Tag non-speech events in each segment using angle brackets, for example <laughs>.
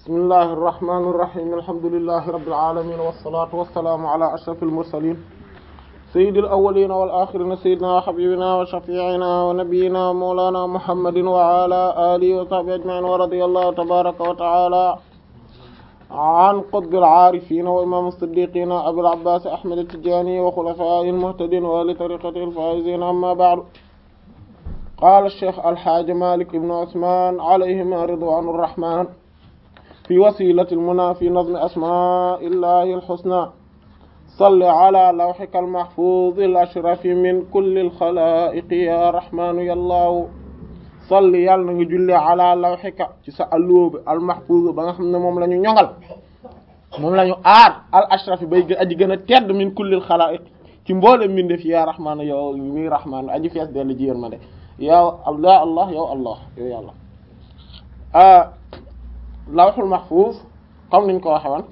bismillahi irrahmani irrahim alhamdulilahi rabbil alamin wassalatu wassalaamu ala ashrafil mursalin sayyidil awwalina wal axirina sayyidina habibina wa shafi'ina wa nabiyyina mawlana muhammadin wa ala alihi wa sahbihi ajma'in wa radiyallahu tabaraka wa ta'ala an qutbil aarifina wa imam as-siddiqina abil abbas ahmad at-tijani wa khulafa'il muhtadin wa li tariqatil faizin amma ba'du qala ash-shaykh al-hajj malik ibn usman alayhima ridwanur rahman fi wasilatil muna fi nazmi asma'illahi alxusna salli ala lawxika almahfuz al ashrafi min kulli alxalaiqi ya rahmanu yallaahu salli yàlla na nga julli ala lawxika ci sa alluwa bi almahfuz ba nga xam ne moom la ñu ñoŋal moom la ñu aar al ashrafi bay aji gën a tedd min kulli alxalaiqi ci mboole mbindeef ya rahmaanu yow mi rahmaanu aji fees dell ji yërmande yow allah allah yow allah yow yàlla ah, lawhul mahfuz comme niñ ko waxe woon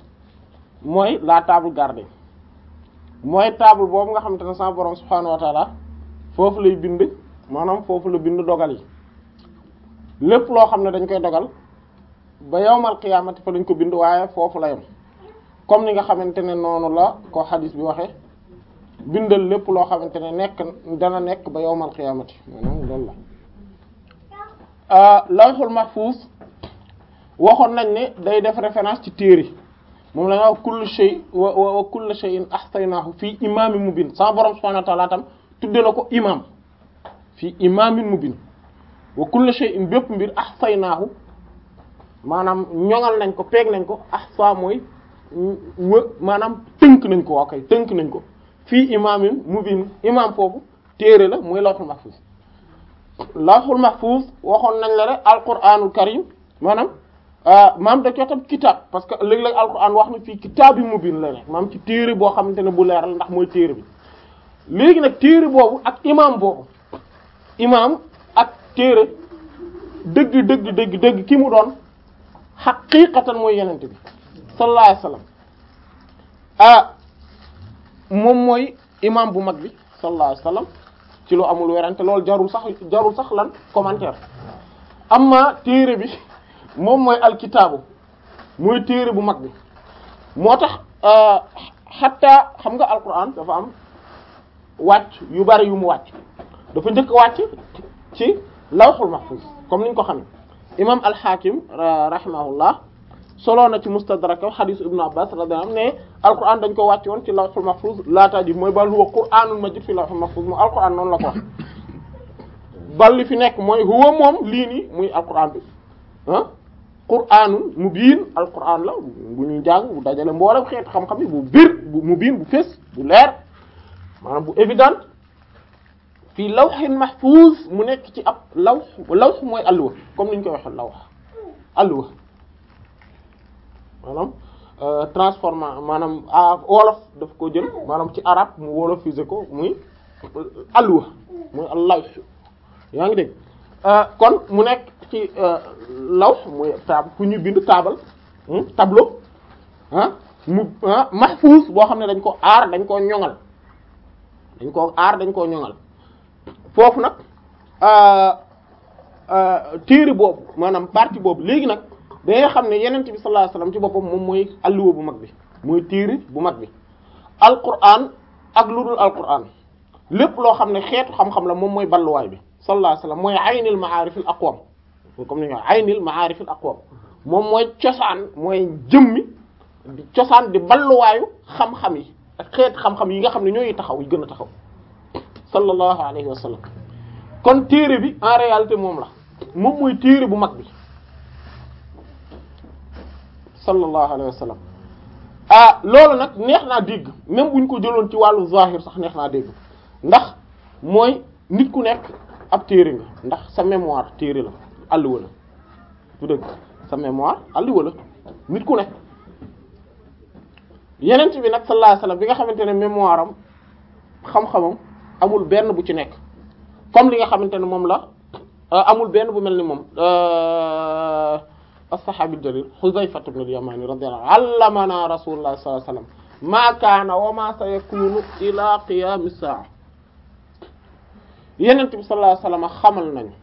mooy la table gardée mooy taabul boobu nga xamante ne sa borom subhaanahu wa foofu lay bind maanaam foofu la bind dogal yi lépp loo xam ne dañ koy dogal ba yawmal qiyaamati fa ko bind waaye foofu la yem comme ni nga xamante ne noonu la ko xadis bi waxe bindal lépp loo xamante ne nekk dana nekk ba yawmal qiyaamati maanaam loolu la ah, waxoon nañ ne day def référence ci téere moom la nga wax kullu shay wa wa kullu shay'in ahsaynahu fii imaamin mubin sama borom subhanahu wa ta'ala na ko imaam fii imaamin mubin wa kullu shay'in bépp mbir say ahsaynahu maanaam ñoŋal nañ ko peeg nañ ko ahsa mooy wë maanaam tënk nañ ko waa kay tënk nañ ko fii imaamin mubin imaam foofu téere la mooy lawhul mahfuz lawhul mahfuz waxoon nañ la rek alquraanul karim maanaam. Euh, maam da cee tam kitaab parce que léeg-léeg alxuraan wax na fii kitaab mu mubin la rek maam ci téere boo xamante ne bu leer la ndax mooy téere bi léegi nag téere boobu ak imaam boobu imaam ak téere dëgg dëgg dëgg dëgg ki mu doon xaqiiqatan mooy yenente bi sallallahu alayhi wasallam euh, moom mooy imaam bu mag bi sallallahu alayhi ci lu amul werante loolu jarul sax jarul sax lan commentaire amma téere bi <laughs> moom mooy alkitaabu muy téere bu mag bi moo tax xatta euh, xam nga alquran dafa am wàcc yu bari yu mu wàcc dafa njëkk wàcc ci lawxul mahfuz comme niñ ko xamee imam alxaakim rahimahullah soloo na ci mustadraka xadisu ibnu abbas radiyallahu anhu ne alquran dañ ko wàcc woon ci lawxul mahfuz laataa ji mooy bal huwa qur'anul majid fi lawxul mahfuz moom alquran noonu la ko bal li fi nekk mooy huwa moom lii nii muy alquran bi ah. qur'aanun mubiin alqur'aan la bu ñuy jàng bu dajale mboolem xeet xam-xam yi bu biir bu mubiin bu fés bu leer maanaam bu évident fii lawhin mahfuz mu nekk ci ab law law mooy alluwa comme ni koy waxee law alluwa maanaam euh, transformant maanaam wolof daf ko jël maanaam ci arab mu wolofisé ko muy euh, alluwa muy al yaa ngi dégg euh, kon mu nekk. ci euh, law mooy taab fu ñu bind taabal hmm, tableau ah mu ah boo xam ne dañ ko aar dañ koo ñoŋal dañ koo aar dañ koo ñoŋal foofu nag euh, euh, téere boobu maanaam partie boobu léegi nag da xam ne yenent bi sallallahu alayhi ci boppam moom mooy alluwa bu mag bi mooy téere bu mag bi alquran ak lu dul alquran lépp loo xam ne xeetu xam-xam la moom mooy balluwaay bi sallallahu alayhi wasallam mooy aynil ma'arif al comme ni ñu aynil ma'arifil aqwam moom mooy cosaan mooy jëmmi cosaan di balluwaayu xam yi ak yi nga xam ne ñooy taxaw gën a taxaw sallallahu alayhi wa sallam kon téere bi en réalité moom la moom mooy téere bu mag bi sallallahu alayhi wa sallam ah loolu nag neex naa dégg même bu ñu ko jëloon ci wàllu zahir sax neex naa dégg ndax mooy nit ku nekk ab téere nga ndax sa mémoire téere la àlluwa la bu dëgg sa mémoire àlluwa la ku ne yeneen bi nag sallallahu alayhi wasallam bi nga xamante ne mémoire am xam-xamam amul benn bu ci nekk comme li nga xamante ne moom la euh, amul benn bu mel ni moom euh, as-sahabi jalil Huzayfa ibn al-Yamani radiyallahu anhu allamana rasulullah sallallahu alayhi wasallam ma kaana wa ma sayakunu ila qiyamis sa'a yeneen bi sallallahu alayhi wasallam xamal nañu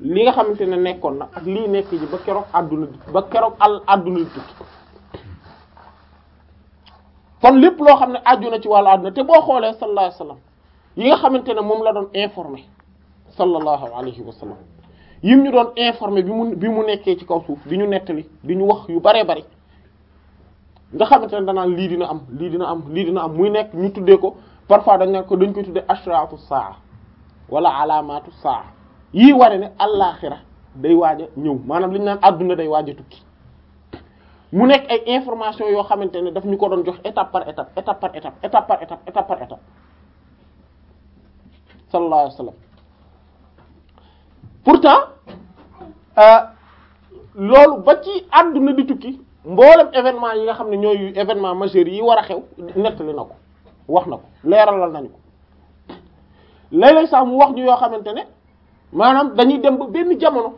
li nga xamante ne nekkoon na ak lii nekk ji ba keroog àdduna ba keroog al àdduna di tukki kon lépp loo xam ne aju na ci wàllu àdduna te boo xoolee sallallahu alayhi yi nga xamante ne moom la doon informé sallallahu alayhi wa sallam yim ñu doon informé bi mu bi mu nekkee ci kaw suuf di ñu nettali di ñu wax yu baree bari nga xamante ne danaa lii dina am lii dina am lii dina am muy nekk ñu tuddee ko parfois dañ ko dañ koy tuddee ashratu saa wala alamatu saa yii ware ne allaaxira day waaj a ñëw maanaam li ñu naan adduna day waaj a tukki mu nekk ay information yoo xamante ne daf ñu ko doon jox étape par étape étape par étape étape par étape étape par étape sallallahu alayhi euh, loolu ba ci adduna di tukki mboolem événement yi nga xam ne ñooy événement majeur yi war a xew nettali na ko wax na ko leeralal nañu ko léeg-léeg sax mu wax ñu yoo xamante ne maanaam dañuy dem ba benn jamono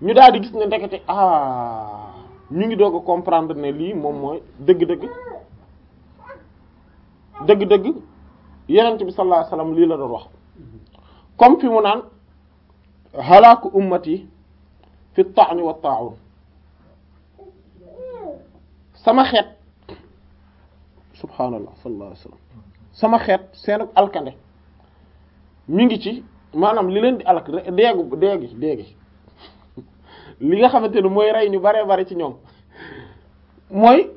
ñu daal di gis ne ndekete ah ñu ngi doog a comprendre ne lii moom mooy dëgg-dëgg dëgg-dëgg yenent bi sallallahu alayhi lii la doon wax comme fi mu naan halaaku ummati fi ta'ni wa ta'un sama xeet subhaanallah sallallahu alayhi sama xeet seenu alkande mi ngi ci maanaam li leen di alak deegu deegi deegi li nga xamante ni mooy rey ñu baree bari ci ñoom mooy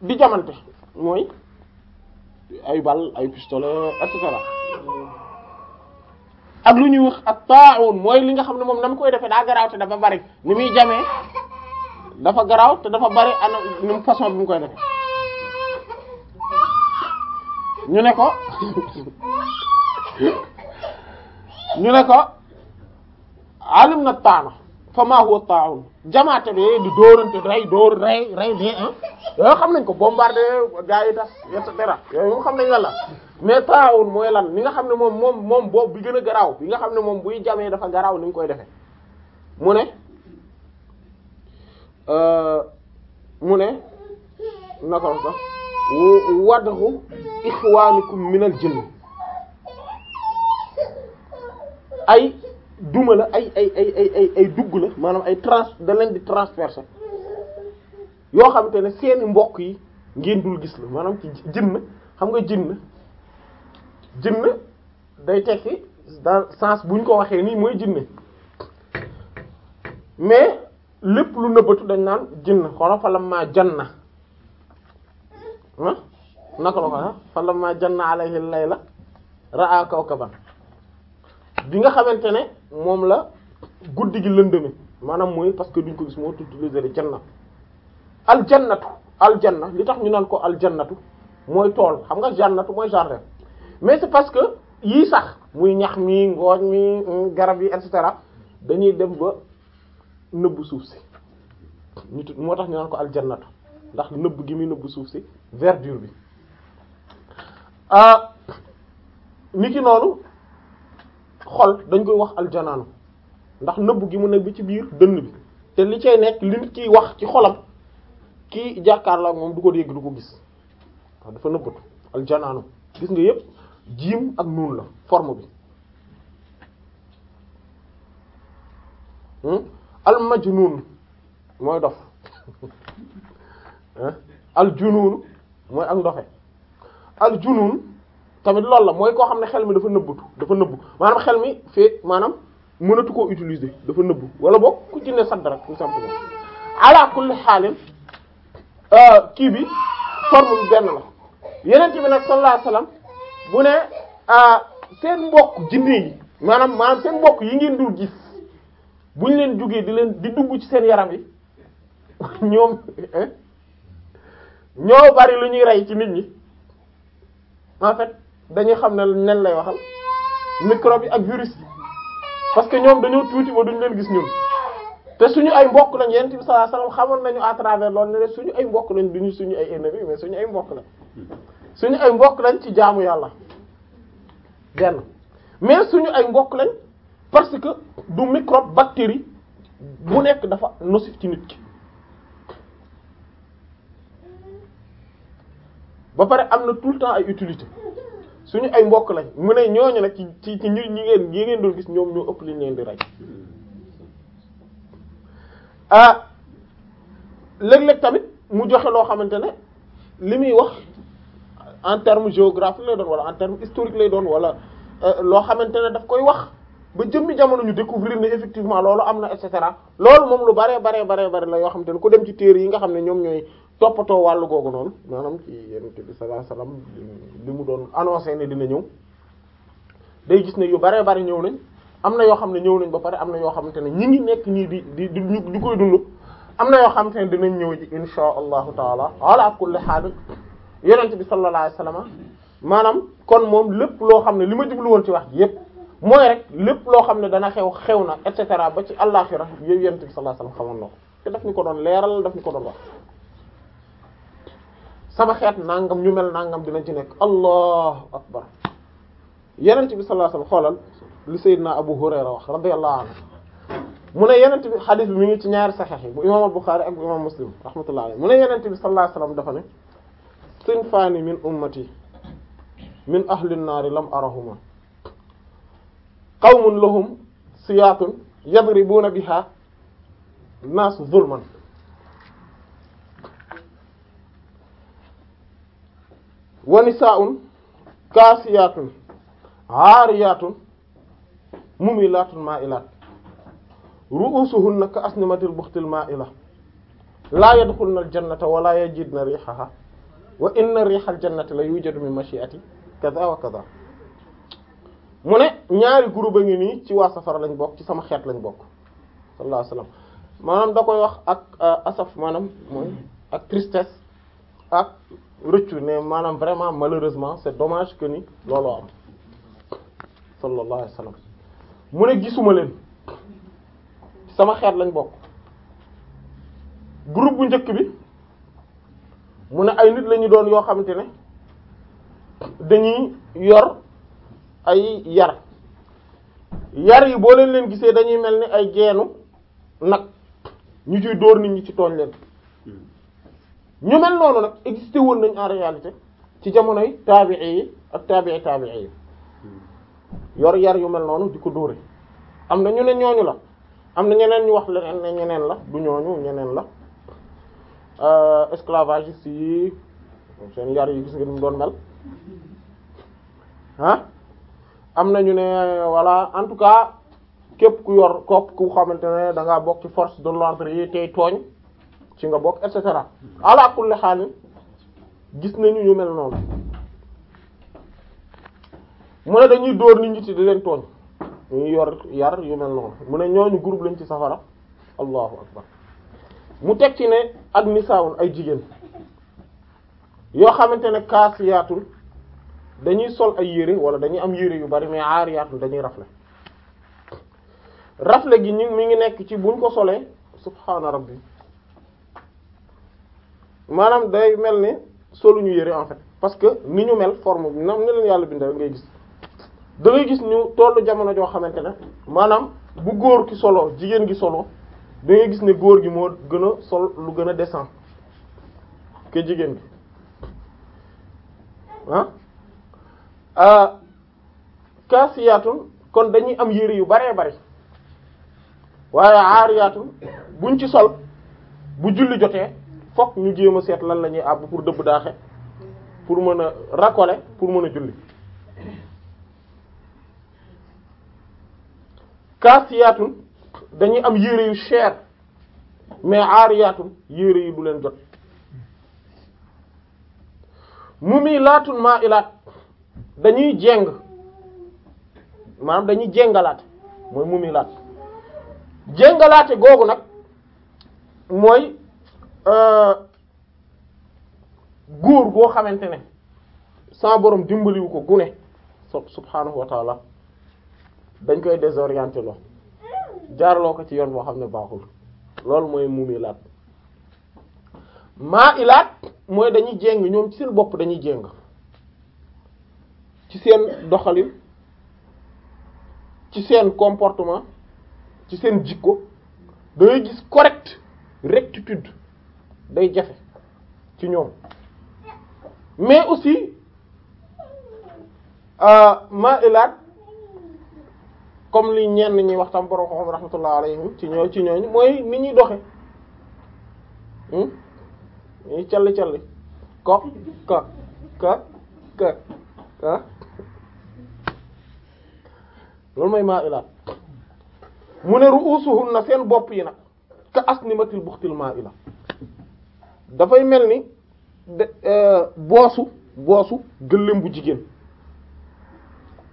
di jamante mooy ay bal ay pistolet et cetera ak lu ñuy wax ak taawun mooy li nga xam ne moom na mu koy defee daa garaaw te dafa bari ni muy jamee dafa garaaw te dafa bari ana num façon bi mu koy defee ñu ne ko <laughs> ñu ne ko alim na taana fa maa huwa taawun jamaate bi di dóorante rey dóor rey rey de ah yooyu xam nañ ko bombardé gars yi tas et cetera yooyu moom xam nañ lan la mais taawun mooy lan li nga xam ne moom moom moom boobu bi gën a garaaw bi nga xam ne moom buy jamee dafa garaw ni ñu koy defee mu ne euh, mu ne naka la sax wadaxu ixwaanikum minal jinn ay duma la ay ay ay ay ay dugg la maanaam ay trans da leen di transverser yoo xamante ne seeni mbokk yi ngeen dul gis la maanaam ci jinn xam nga jinn jinn day tekki dans sens bu ñu ko waxee nii mooy jinne mais lépp lu nëbbatu dañ naan jinn xolo falam maa janna ah naka la ko ah la maa janna alayhi bi nga xamante ne moom la guddi gi lëndëme maanaam mooy parce que duñ ko gis moo tudd les janna aljannatu aljanna li tax ñu naan ko aljannatu mooy tool xam nga jannatu mooy jardin mais c'est parce que yii sax muy ñax mi ngooñ mi mm, garab yi et cetera dañuy dem ba nëbbu suuf si ñu tudd moo tax ñu naan ko aljannatu ndax nëbb gi muy nëbbu suuf si verdure bi ah ki noonu. xol dañ koy wax aljanaanu ndax nëbb gi mu ne bi ci biir dënn bi te li cay nekk li nit kiy wax ci xolam ki jàkkaarloo moom du ko dégg du ko gis waaw dafa nëbbatu aljanaanu gis nga yépp jiim ak nuun la forme bi hmm? almajnuun mooy dof <laughs> eh? aljunuun mooy ak ndoxe aljunuun tamit loolu la mooy koo xam ne xel mi dafa nëbbutu dafa nëbbu maanaam xel mi fee maanaam mënatu koo utiliser dafa nëbbu wala boog ku ci ne sadd rek tout simplement ala kulli xaalim euh, kii bi forme bi benn la yeneen bi nag sallallahu alayhi wasallam bu ne euh, seen mbokk jinne yi maanaam maanaam seen mbokk yi ngeen dul gis buñ leen jugee di leen di dugg ci seen yaram yi <laughs> ñoom ñoo bari lu ñuy rey ci mit ñi dañuy xam ne nen lay waxal microbe yi ak virus yi parce que ñoom dañoo tuuti ba duñ leen gis ñun te suñu ay mbokk lañ yonent bi sallallahu alayhi xamoon nañu à travers loolu ne suñu ay mbokk lañ duñu suñu ay ennemis suñu ay mbokk lañ suñu ay mbokk lañ ci jaamu yàlla genn mais suñu ay mbokk lañ parce que du microbe bactérie bu nekk dafa nocif ci nit ki ba pare am na tout le temps ay utilité suñu ay mbokk lañ mu ne ñooñu nag ci ci ci ñi ngeen ñi ngeen doon gis ñoom ñoo ëpp li leen di rey ah léeg-léeg tamit mu joxe loo xamante ne li muy wax en terme géographique lay doon wala en terme historique lay doon wala euh, loo xamante ne daf koy wax ba jëmmi jamono ñu découvrir ne effectivement loolu am na et cetera loolu moom lu bare bare bare bare la yoo te ne ku dem ci téere yi nga xam ne ñoom ñooy toppatoo wàllu googu noonu maanaam ci yonent bi sallallahu alayhi li mu doon annoncé ne dina ñëw day gis ne yu bare bari ñëw nañ am na yoo xam ne ñëw nañ ba pare am na yoo xamante ne ñi ngi nekk ñii di di di ñu koy dund am na yoo xamante ne dinañ ñëw ji insha allahu taala ala kulli haal yonent bi sallallahu alayhi maanaam kon moom lépp loo xam ne li ma jublu woon ci wax ji yépp mooy rek lépp loo xam ne dana xew xew na et cetera ba ci àllaxira yooyu yonent bi sallallahu alayhi wasallam xamoon na ko te daf ñu ko doon leeral daf ñu ko doon wax sama xeet nangam ñu mel nangam dinañ ci nekk allahu akbar yenent bi sallallahu alayhi wasallam xoolal li sayyidina abu hurayra wax radiyallahu anhu mu ne yenent bi xadis bi mi ngi ci ñaari saxeex yi bu imam al-bukhari ak bu imam muslim rahmatullahi alayhi mu ne yenent bi sallallahu alayhi wasallam dafa ne sinfaani min ummati min ahli an-nar lam arahuma qawmun lahum siyaatun yadribuna biha naas zulman wanisaa'un kaasiyaatun aariyaatun mumilaatun maa'ilaat ru'usuhunna ka asnimatil buxtil maa'ila laa yadxulna aljannata wala yajidna riixaha wa inna riixal jannati la yujadu min mashiati kaza wa kaza mu ne ñaari groupe a ngi nii ci waa safara lañ bokk ci sama xeet lañ bokk sallallahu alayhi wasallam maanaam wax ak euh, asaf maanaam mooy ak tristesse rëccu ne maanaam vraiment malheureusement c'est domage que ni loolu am sallallahu alayhi wa mu ne gisuma leen sama xeet lañ bokk group bu njëkk bi mu ne ay nit lañu doon yoo xamante ne dañuy yor ay yar yar yi boo leen leen gisee dañuy mel ni ay geenu nag ñu ciy dóor nit ñu ci tooñ leen ñu mel noonu nag existé woon nañu en ci jamonoy taabi'i yi ak taabi'i taabi'i yi yor yar yu mel noonu di ko dóore am na ñu ne ñooñu la am na ñeneen ñu wax leneen ne ñeneen la du ñooñu ñeneen la euh, esclavagiste yi seen yar yu gis nga ni mu doon mel ah am na ñu ne voilà en tout cas képp ku yor kopp ku xamante ne da ngaa bokk force de l'ordre yi tey tooñ. ci nga bokk et cetera ala gis nañu ñu mel noonu mu ne dañuy dóor nit ñi ci di leen yar yu mel noonu mu ne ñooñu groupe lañ ci safara allahu akbar mu teg ci ne ak nisaawun ay jigéen yoo xamante ne kaasiyaatul dañuy sol ay yére wala dañuy am yére yu bari mais aariyaatul dañuy rafle rafle gi ñu mu ngi nekk ci buñ ko solee subhaana rabbi maanaam day mel ni solu ñu yëre en fait parce que ni ñu mel forme bi nam ne leen yàlla bind rek ngay gis da gis ñu tollu jamono joo xamante ne maanaam bu góor ki soloo jigéen gi solo da gis ni góor gi moo gën a sol lu gën a desan que jigéen gi ah, ah kaasiyaatun kon dañuy am yére yu baree bari waaye aariyaatun buñ ci sol bu julli jotee fokk ñu jéem a seet lan la ñuy àbb pour dëbb daaxe pour mën a racoler pour mën a julli kaasiyaatun dañuy am yére yu cher mais aariyaatun yére yi du leen jot mumilaatun maailaat dañuy jeng maanaam dañuy jengalaate mooy mumilaat jengalaate googu nag mooy Euh, góor goo xamante ne sa borom dimbaliwu ko gune so subhaanahu wa dañ koy désorienté loo jaaraloo ko ci yoon boo xam ne baaxul loolu mooy mumilaat maa ilaat mooy dañuy jéng ñoom ci seen bopp dañuy jéng ci seen doxalin ci seen comportement ci seen jikko dangay gis correct rectitude day jafe ci ñoom mais aussi euh, ma'ilaat comme li ñenn ñi wax tam borom ci ñoo ci mooy ni ñuy doxe hmm? ñuy calli calli ko ko loolu mooy ma'ilaat mu ne ru'usuhunna seen bopp yi nag ka asnimatil buxtil ma'ila dafay mel ni de euh, boosu boosu gëléem bu jigéen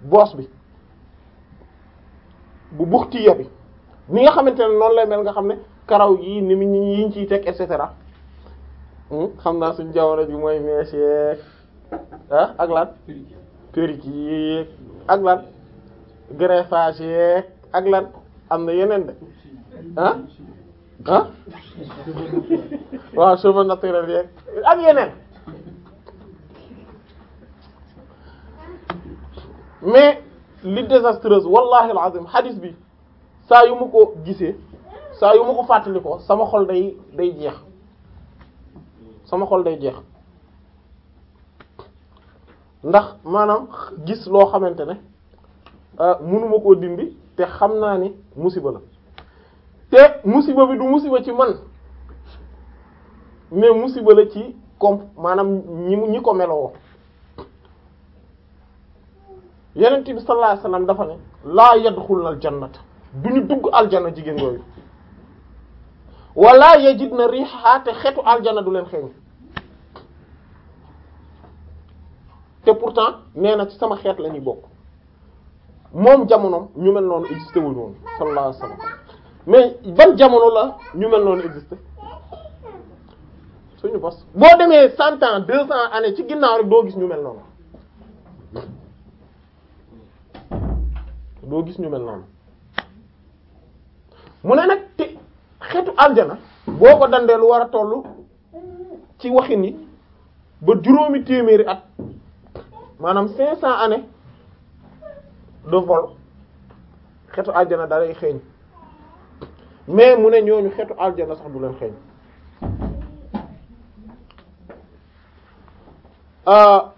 boos bi bu buxtiya bi ni nga xamante ne noonu lay mel nga xam ne karaw yi ni mu ñu ciy teg et cetera hmm, xam naa suñ jamono bi mooy mèche yeeg ah ak lan perruque yi ak lan greffage yeeg ak lan am na yeneen de ah ah waaw cheveux naturels yeeg ak yeneen mais li désastreuse wallahi alazim hadith bi saa yu ma ko gisee saa yu ma ko fàttali ko sama xol day day jeex sama xol day jeex ndax maanaam gis loo xamante ne euh, mënuma koo dindi te xam naa ni musiba la te musiba bi du musiba ci man mais musiba la ci comme maanaam ñi ñi ko meloo yeneen bi sallallahu alayhi wasallam dafa ne laa yadxulna aljannata du ñu dugg aljanna jigéen yooyu wala yajidna riihahaa te xetu aljanna du leen xeeñ te pourtant nee na ci sama xeet la ñuy bokk moom jamonoom ñu mel noonu existé wuñu woon sallallahu alayhi wasallam mais ban jamono la ñu mel noonu existé suñu bos boo demee cent ans deux cents années ci ginnaaw rek doo gis ñu mel noonu gis ñu mel mu ne nag te xeetu aljana boo ko dandee lu war a toll ci waxin yi ba juróomi téeméeri at maanaam cinq cent années de vol xeetu aljana da xeeñ mais mu ne ñooñu xeetu aljana sax du leen xeeñ Ah,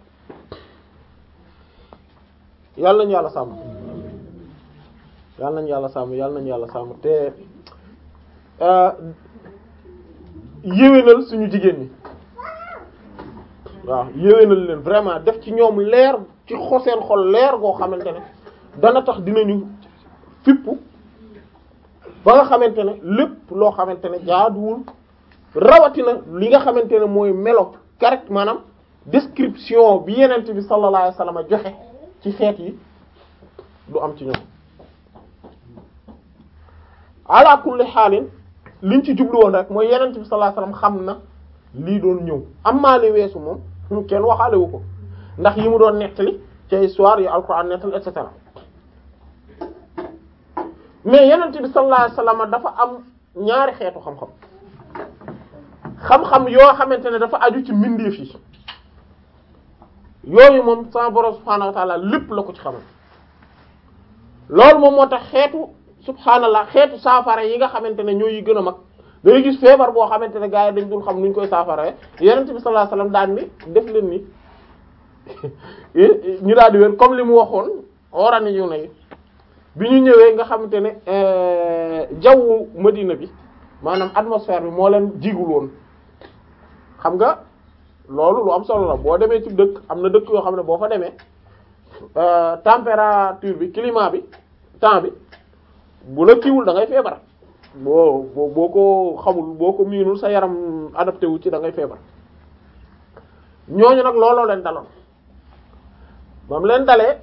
yàlla nañu yàlla sàmm yàlla nañu yàlla sàmm yàlla nañu yàlla sàmm te ah, yéwénal suñu jigéen ñi waaw yéwénal leen vraiment def ci ñoom leer ci xoseen xol leer goo xamante ne dana tax dinañu fippu ba nga xamante ne lépp loo xamante ne jaaduwul rawatina li nga xamante ne mooy melo correct maanaam description bi yenent bi sallallahu alayhi joxe ci xeet yi du am ci ñoom ala kulli xaalin liñ ci jublu woon rek mooy yenent bi sallallahu alayhi wasallam xam na lii doon ñëw amaa li weesu moom ñu kenn waxaale ko ndax yi mu doon nettali ci histoire yu alquran nettali et cetera mais yenent bi sallallahu alayhi dafa am ñaari xeetu xam-xam xam-xam yoo xamante ne dafa aju ci mbindeef yi yooyu moom sa borom subhaanahu wa lépp la ko ci xamal loolu moom moo tax xeetu subhaanallah xeetu saafara yi nga xamante ne ñoo yi gën a mag day gis feebar boo xamante ne gars yi dañ dul xam nuñ koy saafara yonent bi sallallahu alayhi wasallam daan ni def leen mi <laughs> ñu daal di comme li mu waxoon orani yu ne bi ñu ñëwee nga xamante ne euh, jawwu Madina bi maanaam atmosphère bi moo leen jigul woon xam nga loolu lu am solo la boo demee ci dëkk am na dëkk yoo xam ne boo fa demee euh, température bi climat bi temps bi bu la kiiwul da feebar boo boo ko xamul boo ko miinul sa yaram adapté wu ci da ngay feebar ñooñu nag looloo leen daloon bam leen dalee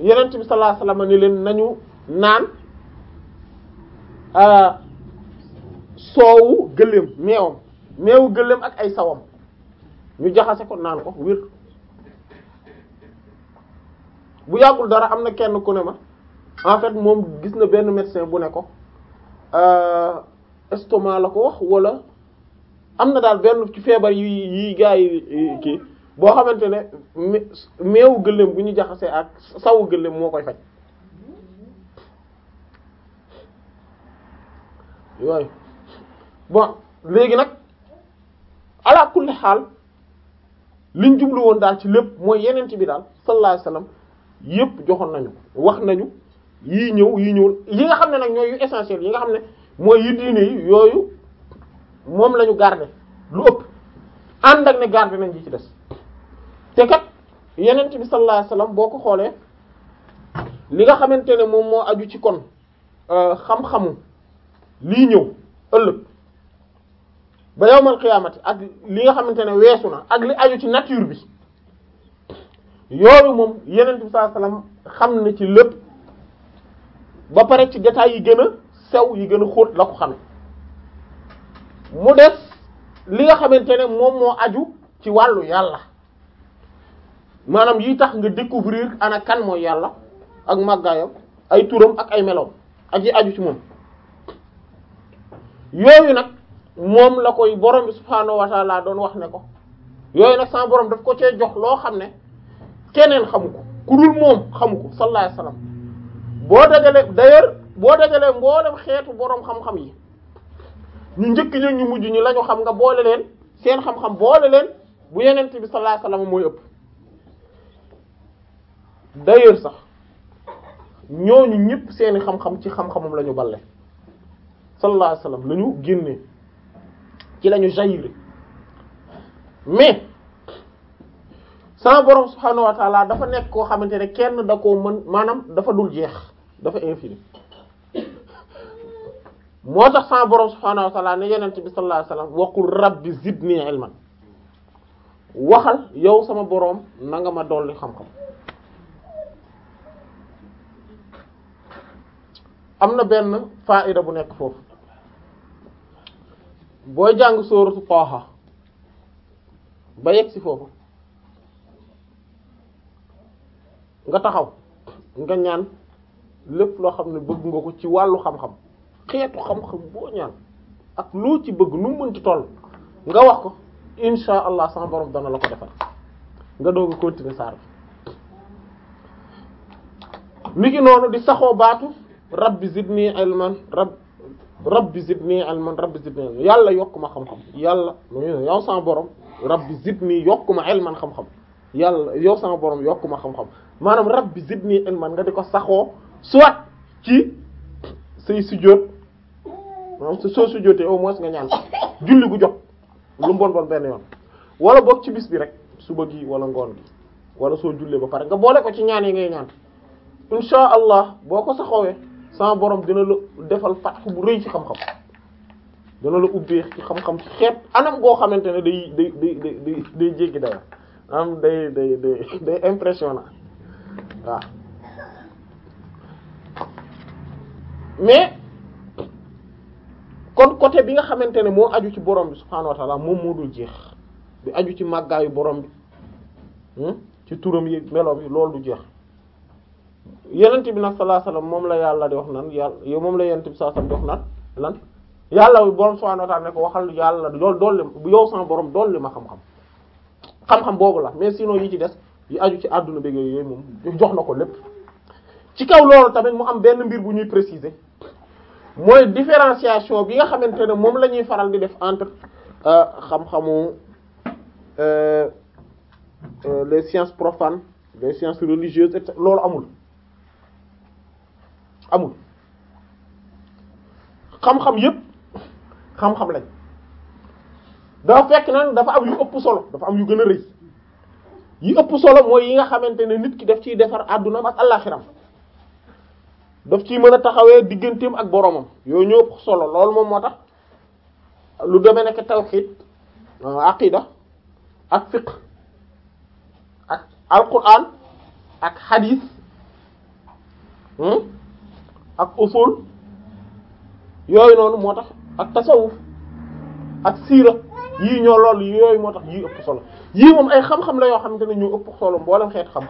yenent bi sallallahu alayhi ni leen nañu naan euh, soowu gëléem meewam meewu gëléem ak ay sawam ñu jaxase ko naan ko wér bu yàggul dara am na kenn ku ne ma en fait moom gis na benn médecin bu ne ko euh, estomac la ko wax wala am na daal benn ci feebar yi yi gaa yi kii boo xamante ne meewu gëléem bu ñu jaxasee ak sawu gëléem moo koy faj yooyu bon léegi nag ala kulli xaal liñ jublu woon daal ci lépp mooy yenent bi daal sallallahu alayhi wasallam yépp joxoon nañu wax nañu yii ñëw yii ñëwul yi nga xam ne nag ñooy yu essentiel yi nga xam ne mooy yi diine yi yooyu moom lañu ñu garder lu ëpp ànd ak ne garder nañ yi ci des te kat yenent bi sallallahu alayhi boo ko xoolee li nga xamante ne moom moo aju ci kon euh, xam-xamu lii ñëw ëllëg ba yawmal qiyaamati ak li nga xamante ne weesu na ak li aju ci nature bi yooyu moom yeneen bi sallallahu alayhi xam na ci lépp ba pare ci détails yi gën a sew yi gën a xóot la ko xame mu des li nga xamante ne moom moo aju ci wàllu yàlla maanaam yi tax nga découvrir ana kan mooy yàlla ak màggaayam ay turam ak ay meloom ak yi aju ci moom yooyu nag moom la koy borom bi subhaanahu wa doon wax ne ko yooyu nag sama borom daf ko cee jox loo xam ne keneen xamu ku dul moom xamu ko sallallahu alayhi wasallam boo dajalee boo boo dajalee mboolem xeetu boroom xam-xam yi ñu njëkk ñu ñu mujj ñu la xam nga boole leen seen xam-xam boole leen bu yeneen bi sallallahu alayhi wasallam mooy sax ñooñu ñëpp seeni xam-xam ci xam-xamam la ñu balle sallallahu lañu wasallam génnee. ci lañu ñu mais sama borom subhaanahu wa dafa nekk koo xamante ne kenn da koo mën maanaam dafa dul jeex dafa infini moo tax sama borom subhaanahu wa taala ne yonent bi sallallahu alayhi wasallam waqul rabbi zidni ilman waxal yow sama boroom nanga ma dolli xam-xam. am na benn faida bu nekk foofu boo jàng sóoratu Taaha ba yegg foofu nga taxaw nga ñaan lépp loo xam ne bëgg nga ko ci wàllu xam-xam xeetu xam-xam boo ñaan ak loo ci bëgg nu mu mënti nga wax ko insha allah sama borom dana la ko defal nga doog a continuer saar bi mi ngi noonu di saxoo baatu rabbi zidni ilman rabb rab rabbi zidni ilman rabbi zidni ilman yàlla yokk ma xam-xam yàlla yow sama borom rabbi zidni yokk ma ilman xam-xam yàlla yow sama borom yokk ma xam-xam maanaam rabbi zidni ilman nga di ko saxoo soit ci say sujjóot maanaam soo sujjóotee au moins nga ñaan julli gu jot lu mu bon bon benn yoon wala boog ci bis bi rek suba gi walla ngoon bi wala soo jullee ba pare nga boole ko ci ñaan yi ngay ñaan insha allah boo ko saxoowee sama boroom dina la defal fatx bu rëy ci xam-xam dina la ubbee ci xam-xam ci anam goo xamante ne day day day day day jéggi dara am day day day day mais kon côté bi nga xamante ne moo aju ci borom bi subhaanahu wa moom moo dul jeex bi aju ci màggaayu boroom bi hmm, ci turam yi melo bi loolu du jeex yonent bi nag sallallahu alayhi wasallam moom la yàlla di wax nan yàlla yow moom la yonent bi sallallahu alayhi wasallam di wax nan lan yàlla borom subhanahu wa ta'ala ne ko waxal yàlla loolu dolli yow sama borom dolli ma xam-xam xam-xam boobu la mais sinon yi ci des yi aju ci àdduna beeg yooyu moom jox na ko lépp. ci kaw loolu tamit mu am benn mbir bu ñuy préciser mooy différenciation bi nga xamante ne moom la ñuy faral di def entre euh, xam-xamu euh, euh, les sciences profanes les sciences loolu amul. amul xam-xam yépp xam-xam lañ dafa fekk nag dafa am yu ëpp solo dafa am yu gën a rëy yi ëpp solo mooy yi nga xamante ne nit ki daf ciy defar àdduna ak àllaxiram daf ciy mën a taxawee digganteem ak boromam yooyu ñoo solo loolu moom moo tax lu demee nekk tawxiid aqida ak fiqh ak ak xadiis hmm? ak usul yooyu noonu moo tax ak tasawuf ak siira yii ñoo loolu yooyu moo tax yii ëpp solo yii moom ay xam-xam la yoo xamante ne ñoo ëpp solo mboolem xeet xam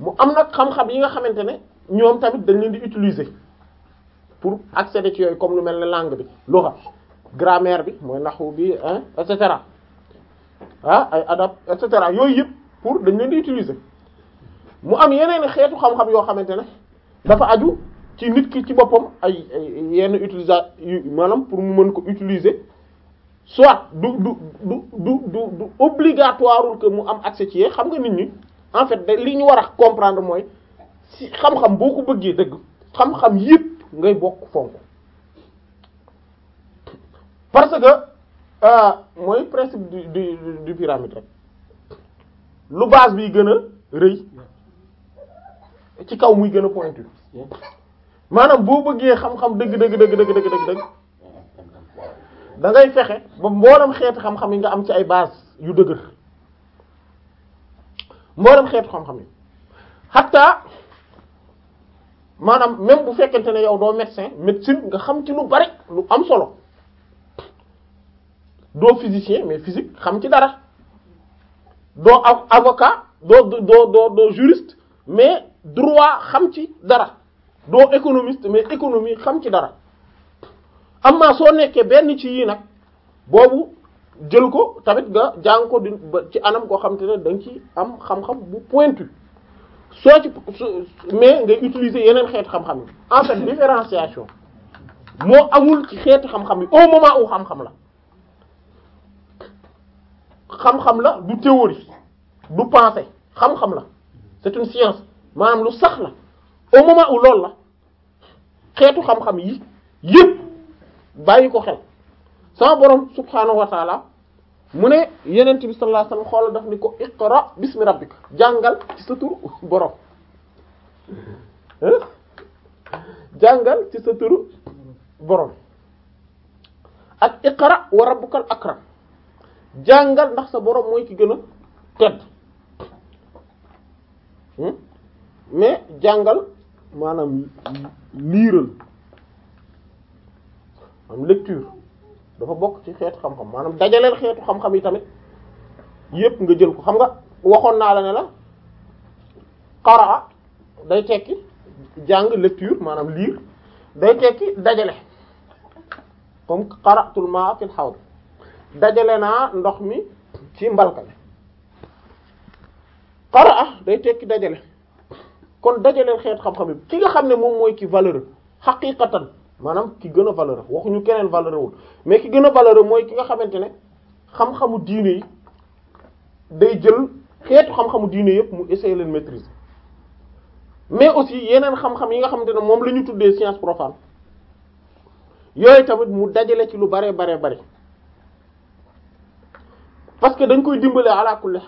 mu am nag xam yi nga xamante ne ñoom tamit dañ leen di utiliser pour accéder ci yooyu comme lu mel ne langue bi lugha grammaire bi mooy naxu bi et cetera ah, ay adab et cetera yooyu yëpp pour dañ leen di utiliser mu am yeneen xeetu xam-xam yoo xamante ne dafa aju ci nit ki ci boppam ay yenn utilisation maanaam pour mu mën ko utiliser soit du du du du du du obligatoire mu am accès ci xam nga nit ñi en fait da li ñu war a comprendre mooy si xam-xam boo ko bëggee dëgg xam-xam yépp ngay bokk fonk parce que euh, mooy principe du du du pyramide rek lu base bi gën a rëy ci kaw muy gën a pointu maanaam boo bëggee xam-xam dëgg dëgg dëgg dëgg dëgg dëgg da ngay fexe ba mboolem xeetu xam-xam yi nga am ci ay base yu dëgër mboolem xeetu xam-xam yi hatta maanaam même bu fekkente ne yow doo médecin médecine nga xam ci lu bari lu am solo doo physicien mais physique xam ci dara doo avocat doo doo doo doo mais droit xam ci dara doo économiste mais économie xam ci dara amma soo nekkee benn ci yii nag boobu jël ko tamit nga jàng ko di ci anam koo xam te ne da nga ci am xam-xam bu pointu soo ci mais ngay utiliser yeneen xeet xam-xam yi en fait différenciation moo amul ci xeeti xam-xam yi au moment où xam-xam la xam-xam la du théorie du pensée xam-xam la c'est une science maanaam lu sax la au moment où loolu la xeetu xam-xam yi yëpp bàyyi ko xel sama borom subhaanahu wa mu ne yenent bi sallallahu alayhi wasallam xoolal ni ko iqra bismi rabbik jàngal ci sa turu borom jàngal ci sa borom ak iqra wa rabbukal akram jàngal ndax sa borom mooy ki gën a tedd Hmm? mais jàngal maanaam liiral am lecture dafa bokk ci xeet xam-xam maanaam dajaleel xeetu xam-xam yi tamit yépp nga jël ko xam nga waxoon naa la ne la qara day tekki jàng lecture maanaam liir day tekki dajale comme qara'tul ma'a fil hawd dajale naa ndox mi ci mbalka ah day tekki dajale kon dajaleel xeet xam-xam yi ki nga xam ne moom mooy ki valeureux xaqiqatan maanaam ki gën a valeureux waxuñu keneen valeur wul mais ki gën a valeureux mooy ki nga xamante ne xam-xamu diine yi day jël xeetu xam-xamu diine yëpp mu essayer leen maîtriser mais aussi yeneen xam-xam yi nga xamante ne moom la ñu tuddee science profane yooyu tamit mu dajale ci lu bare bare bare parce que dañ koy dimbale ala kulli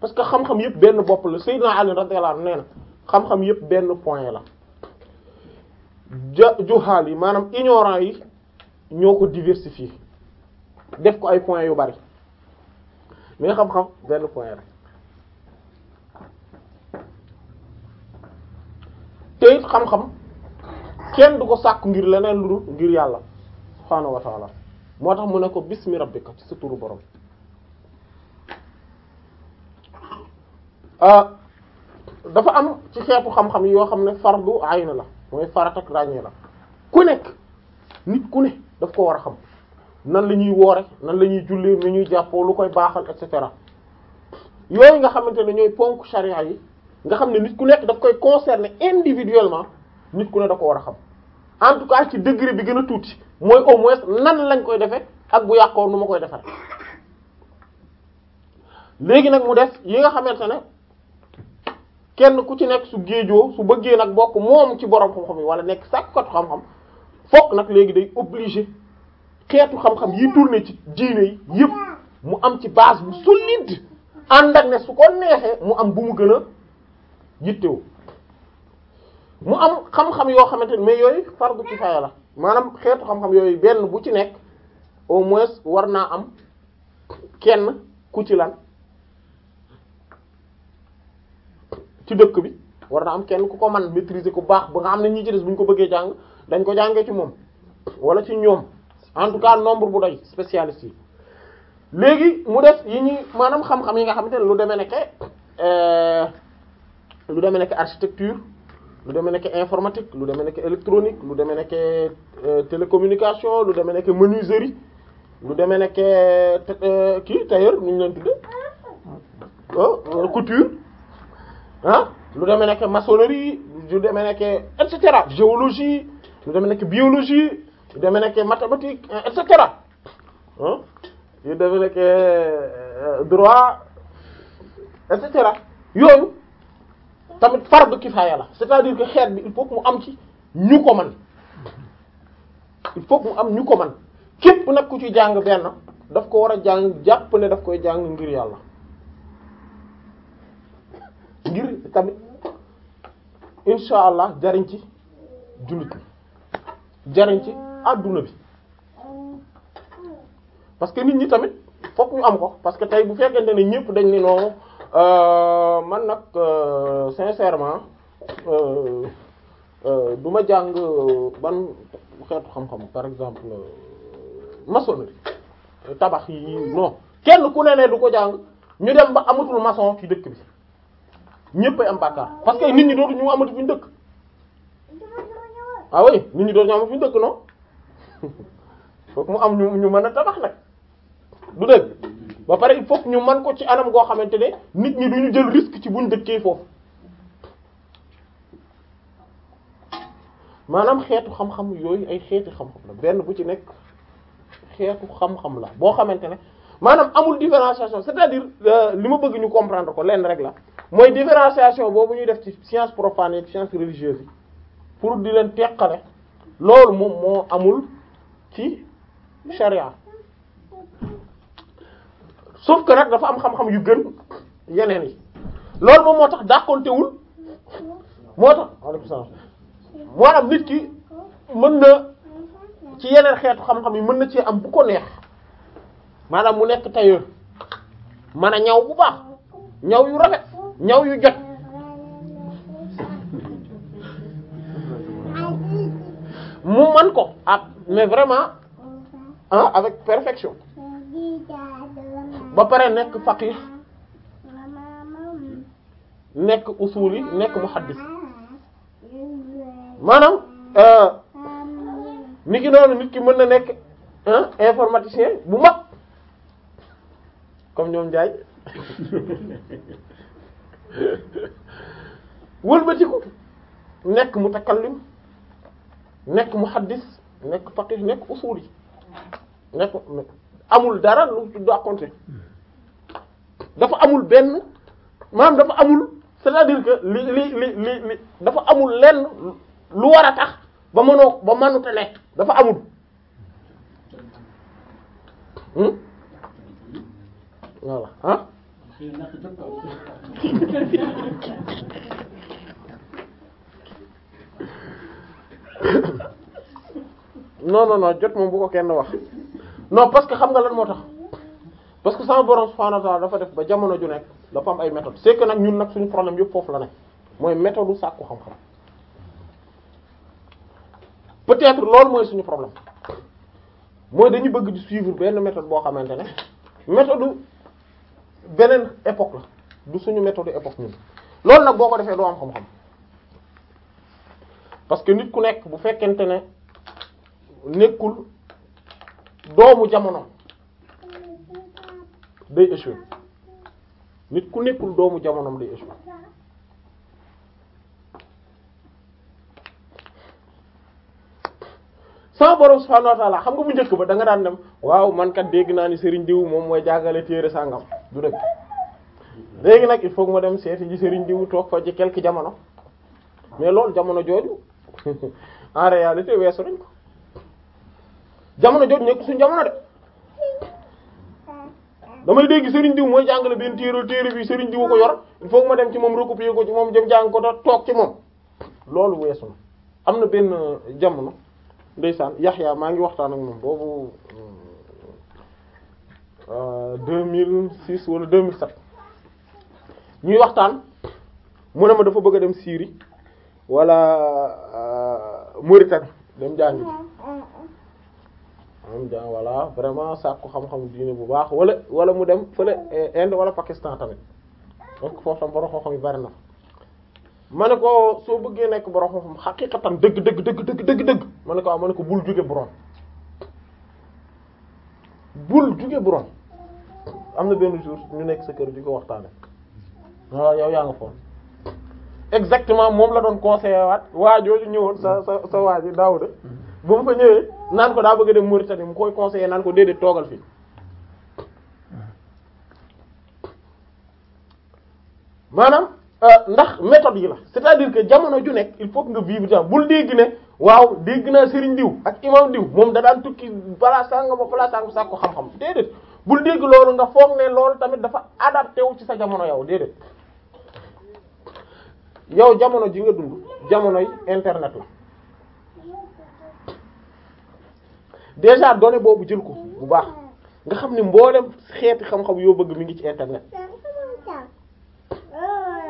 parce que xam-xam yëpp benn bopp la Seydina Ali radiyallahu anhu nee na xam-xam yëpp benn point la ja juhaal yi maanaam ignorant yi ñoo ko diversifié def ko ay point yu bari mais xam-xam benn point la te xam-xam kenn du ko sàkku ngir leneen lu dul ngir yàlla subhaanahu wa ta'ala moo tax mu ne ko bismi rabbika ci sa turu borom Euh, dafa am ci xeetu xam-xam yoo xam ne far fardu ayna la mooy farat ak ràññee la ku nekk nit ku ne daf ko war a xam nan la ñuy woore nan la ñuy jullee nu ñuy jàppoo lu koy baaxal et cetera yooyu nga xamante ne ñooy ponk charia yi nga xam ne nit ku nekk daf koy concerner individuellement nit ku ne da ko war a xam en tout cas ci degré bi gën a tuuti mooy au moins nan lañ koy defee ak bu yàqoo nu ma koy defar léegi nag mu def yi nga xamante ne kenn ku ci nekk su géejoo su bëggee nag bokk moom ci borom xam-xam yi wala nekk sàkkatu xam-xam fokk nag léegi day obligé xeetu xam-xam yi tourné ci diine yi yëpp mu am ci base bu solide ànd ak ne su ko neexee mu am bu mu gën a yittewu mu am xam-xam yoo xamante ne mais yooyu fardu kifaaya la maanaam xeetu xam-xam yooyu benn bu ci nekk au moins war naa am kenn ku ci lan ci dëkk bi war na am kenn ku ko man maîtriser ku baax ba nga xam ne ñi ci des bu ko bëggee jàng dañ ko jàngee ci moom wala ci ñoom en tout cas nombre bu doy spécialiste yi léegi mu def yi ñuy maanaam xam-xam yi nga xamante ne lu demee nekk euh, lu demee nekk architecture lu demee nekk informatique lu na nekk électronique lu demee nekk euh, télécommunication lu demee nekk menuiserie lu demee nekk euh, kii tailleur nu ñu leen tudde couture ah lu demee nekk maçonnerie lu demee nekk et cetera géologie lu demee nekk biologie lu demee nekk mathématique et cetera ah yu demee nekk euh, droit et cetera yooyu tamit fardu kifaaya la c'est-à-dire que xeet bi il faut mu am ci ñu ko man il faut mu am ñu ko man képp nag ku ci jàng benn daf ko war a jàng jàpp ne daf koy jàng ngir yàlla ngir tamit insha allah jariñ ci jullit ñi jariñ ci àdduna bi parce que nit ñi tamit fokk ñu am ko parce que tey bu fekkente ne ñépp dañ ni noonu euh, man nag euh, sincèrement euh, du ma jàng ban xeetu xam-xam par exemple maçonnerie tabax yi non kenn ku ne ne du ko jàng ñu dem ba amatul mason ci dëkk bi ñëpp ay am bàkkaar parce que nit ñi dootu ñu amati fu ñu dëkk ah oui ñu amati fu ñu dëkk non <laughs> mu am ñu ñu mën a tabax nag du dëgg ba pare il faut ñu man ko ci anam goo xamante ne nit ñi duñu jël risque ci buñ dëkkee foofu maanaam xeetu xam-xam yooyu ay xeeti xam-xam la benn bu ci nekk xeetu xam-xam la boo xamante ne maanaam amul différenciation c'est-à-dire euh, li ma bëgg ñu comprendre ko lenn rek la mooy différenciation boobu ñuy def ci science profane yi ak science religieuse yi pour di leen teqale loolu moom moo amul ci charia sauf que dafa am xam-xam yu gën yeneen yi loolu moom moo tax dàqontewul moo tax waaleykum salaam moo tax nit ki mën na ci yeneen xeetu xam-xam yi mën na ci am bu ko neex maanaam mu nekk tailleur man a ñaw bu baax ñaw yu rafet ñaw yu jot mu man ko ak mais vraiment ah avec perfection ba pare nekk faqih nekk usuli nekk muhaddis maanaam euh, nit ki noonu nit ki mën na nekk informaticien bu mag comme ñoom Ndiaye wëlbatiku nekk mutakallim nekk muhaddis nekk faqih nekk usuli nekk amul dara lu du raconté dafa amul benn maanaam dafa amul c'est-à-dire que li li li li li dafa amul lenn lu war a tax ba mënoo ba mënut nekk dafa amul. Hmm? voilà ah <laughs> non non non jot moom bu ko kenn wax non parce que xam nga lan moo tax parce que sama borom subhanahu wa ta'ala dafa def ba jamono ju nekk dafa am ay méthodes c'est que nag ñun nag suñu problème yëpp foofu la ne mooy méthode u sàkku xam-xam peut-être loolu mooy suñu problème mooy dañu bëgg di suivre benn méthode boo xamante ne méthode beneen époque la du suñu méthode époque ñun loolu nag boo ko defee doo am xam-xam parce que nit ku nekk bu fekkente ne nekkul doomu jamono day échoué nit ku nekkul doomu jamonoom day échoué sama borom subhanahu wa xam nga bu njëkk ba da nga daan dem waaw man kat dégg naa ni Serigne Diw moom mooy jàngale téere sàngam du dëgg léegi nag il faut ma dem seeti ji sëriñ diwu toog fa ci quelque jamono mais loolu jamono jooju <laughs> en réalité weesu nañ jamono jooju nekk suñu jamono de damay dégg sëriñ diw mooy jàngale benn téere téere bi sëriñ diwu ko yor il faut ma dem ci moom recopier ko ci moom jëm jàng ko toog ci moom loolu weesu na am na benn jamono ndeysaan Yaxya maa ngi waxtaan ak moom boobu Euh, deux mille six wala deux mille sept ñuy waxtaan mu ne ma dafa bëgg a dem siiri wala euh, Mauritanie dem jàngi am jàng voilà vraiment sàkku xam-xam diine bu baax wala wala mu dem fële eh, Inde wala Pakistan tamit donc foofu tam borom xam-xam yi bari na ma ne ko soo bëggee nekk borom xam-xam xaqiiqatan dëgg dëgg dëgg dëgg dëgg dëgg ma ne ko waaw ah, ma ne ko bul jóge Burundi bul bu ron am na benn jour ñu nekk sa kër di ko waxtaane waaw yow yaa nga foon exactement moom la doon conseillé waat waa jooju ñëwoon sa sa sa waa ji Daouda bu mu fa ñëwee naan ko daa bëgg a dem Mauritanie mu koy conseillé naan ko déedéet toogal fii maanaam euh, ndax méthode yi la c'est-à-dire que jamono ju nekk il faut nga vivre jam bul dégg ne waaw dégg naa Serigne diw ak imam diw moom da daan tukki balaa sàngam ba balaa sàngam ko xam-xam déedéet bul dégg loolu nga foog ne lool tamit dafa adapté wu ci sa jamono yow déedéet yow jamono ji nga dund yi internet la déjà donné boobu jël ko bu baax nga xam ne mboolem xeeti xam-xam yoo bëgg mi ngi ci internet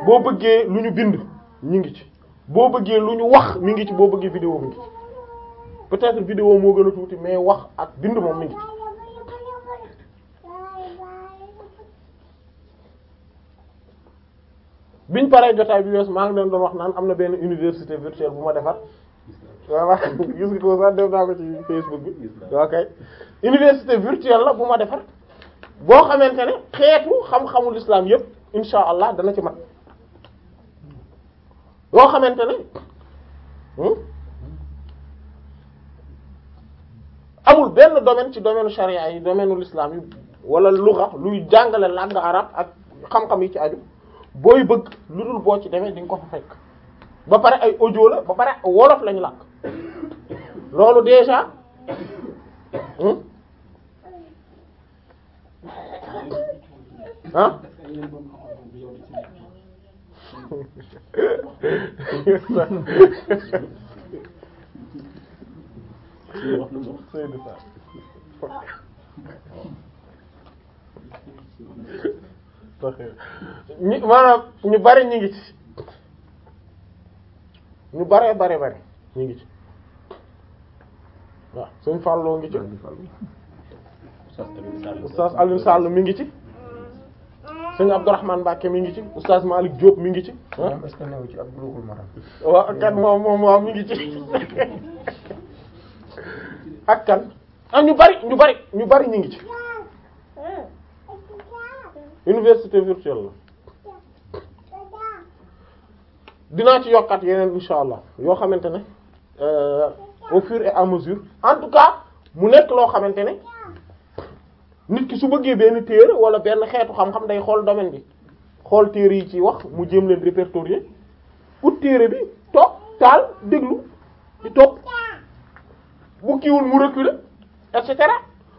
boo bëggee lu ñu bind ñu ngi ci boo bëggee lu ñu wax mi ngi ci boo bëggee vidéo mi ngi ci peut-être moo gën a tuuti mais wax ak bind moom mi ngi ci biñ paree jotaay bi wees maa ngi leen doon wax naan am na benn université virtuelle bu ma defar voilà gis nga ko sax def naa ko ci Facebook bi ok université virtuelle la bu ma defar boo xamante ne xeetu xam-xamu l'islam yépp insha allah dana ci mat loo xamante ne hmm? amul benn domaine ci domaine sharia yi domaine l'islam yi wala lugha luy jàngale langue arabe ak xam-xam yi ci aju booy bëgg lu dul boo ci demee di nga ko fa fekk ba pare ay audio la ba pare wolof lañu làkk loolu déjà hmm? <laughs> <laughs> <laughs> ñu ñu bari ñu ngi ci ñu baree bari bari ñu ngi ci waaw suñ fàlloo ngi ci oustaz Alioune Sall mi ngi ci sëñ Abdourahmane Mbacké mi ngi ci oustaz Malick Diop mi ngi ci est-ce ci ak Bouloughoul Maram waaw moom moom waaw mi ngi ci ak ah ñu bari ñu bari ñu bari ñu ngi ci université virtuelle la dinaa ci yokkat yeneen insha allah yoo xamante ne euh, au fur et à mesure en tout cas mu nekk loo xamante ne nit ki su bëggee benn téere wala benn xeetu xam-xam day xool domaine bi xool téere yi ci wax mu jéem leen répertorier ut téere bi toog taal déglu di toog bu kiiwul mu reculer et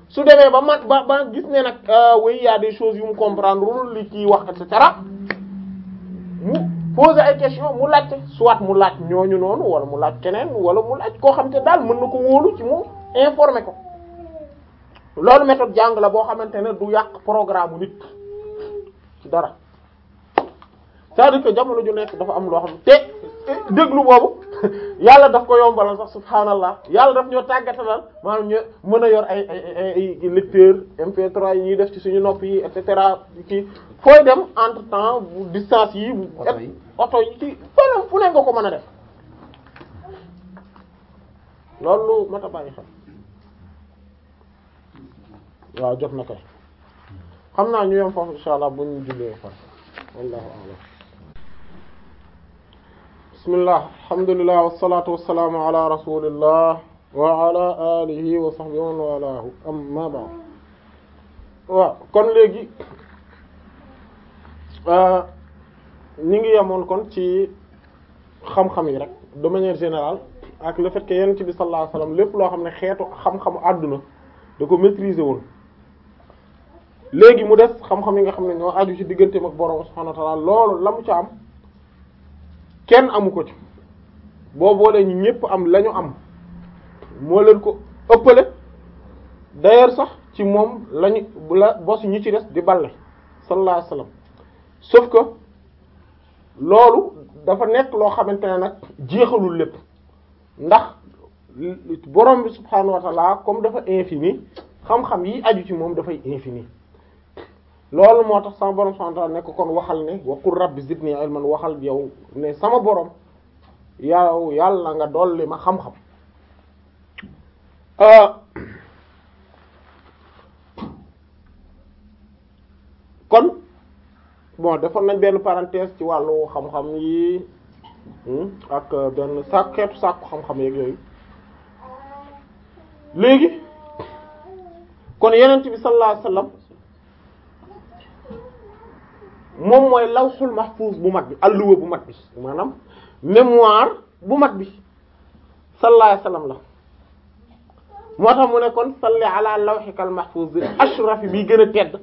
su demee ba mat ba ba gis ne nag euh, oui y a des yu mu comprendre li ciy wax et cetera mu poser ay question mu laajte soit mu laaj ñooñu noonu wala mu laaj keneen wala mu laaj koo xam te daal mën na ko wóolu ci mu informer ko loolu méthode jàng la boo xamante ne du yàq programme nit ci dara c'est-à-dire que jamono ju nekk dafa am loo xam te déglu boobu yàlla daf ko yombalal sax subhaanallah yàlla daf ñoo tàggatalal maanaam ñu mën a yor ay ay ay lecteur MP3 yi ñuy def ci suñu nopp yi et cetera kii fooy dem entre temps distance yi. oto yi oto yi ci ko mën a def loolu moo tax bàyyi xel waaw jot na kay xam naa ñu yem foofu insha allah bu ñu jullee fa wallahu a'lam bismillah alhamdulillah wasalaatu wasalaamu ala rasulillah wa ala alihi wa sahbihi waaw kon léegi euh, ñi ngi yemoon kon ci xam-xam yi rek de manière générale ak le fait que ci bi lépp loo xam ne xeetu xam-xamu àdduna da ko maîtriser woon léegi mu des xam-xam yi nga xam ne ñoo aju ci diggante ak borom subhanahu wa ta'ala loolu la am kenn amu ko ci boo boolee ñu ñépp am lañu am moo leen ko ëppale d'ailleurs sax ci moom lañu la bos ñi ci des di balle sallallahu alayhi wasallam sauf que loolu dafa nekk loo xamante ne nag jeexalul lépp ndax borom bi subhaanahu wa ta'ala comme dafa infini xam-xam yi aju ci moom dafay infini loolu moo tax sama borom subhanahu wa ta'ala nekk kon waxal ne wa qul rabbi zidni ilman waxal yow ne sama borom yow yàlla nga dolli ma xam-xam ah. kon bon defoon nañ benn parenthèse ci wàllu xam-xam yi hmm, ak euh, benn sàkk xeetu sàkku xam-xam yeeg yooyu léegi kon yenent bi sallallahu alayhi wasallam moom mooy lawhul mahfuz bu mag bi alluwa bu mag bi maanaam mémoire bu mag bi sallallahu alayhi wasallam la moo tax mu ne kon salli ala lawhikal mahfuz bi ashrafi bi gën a tedd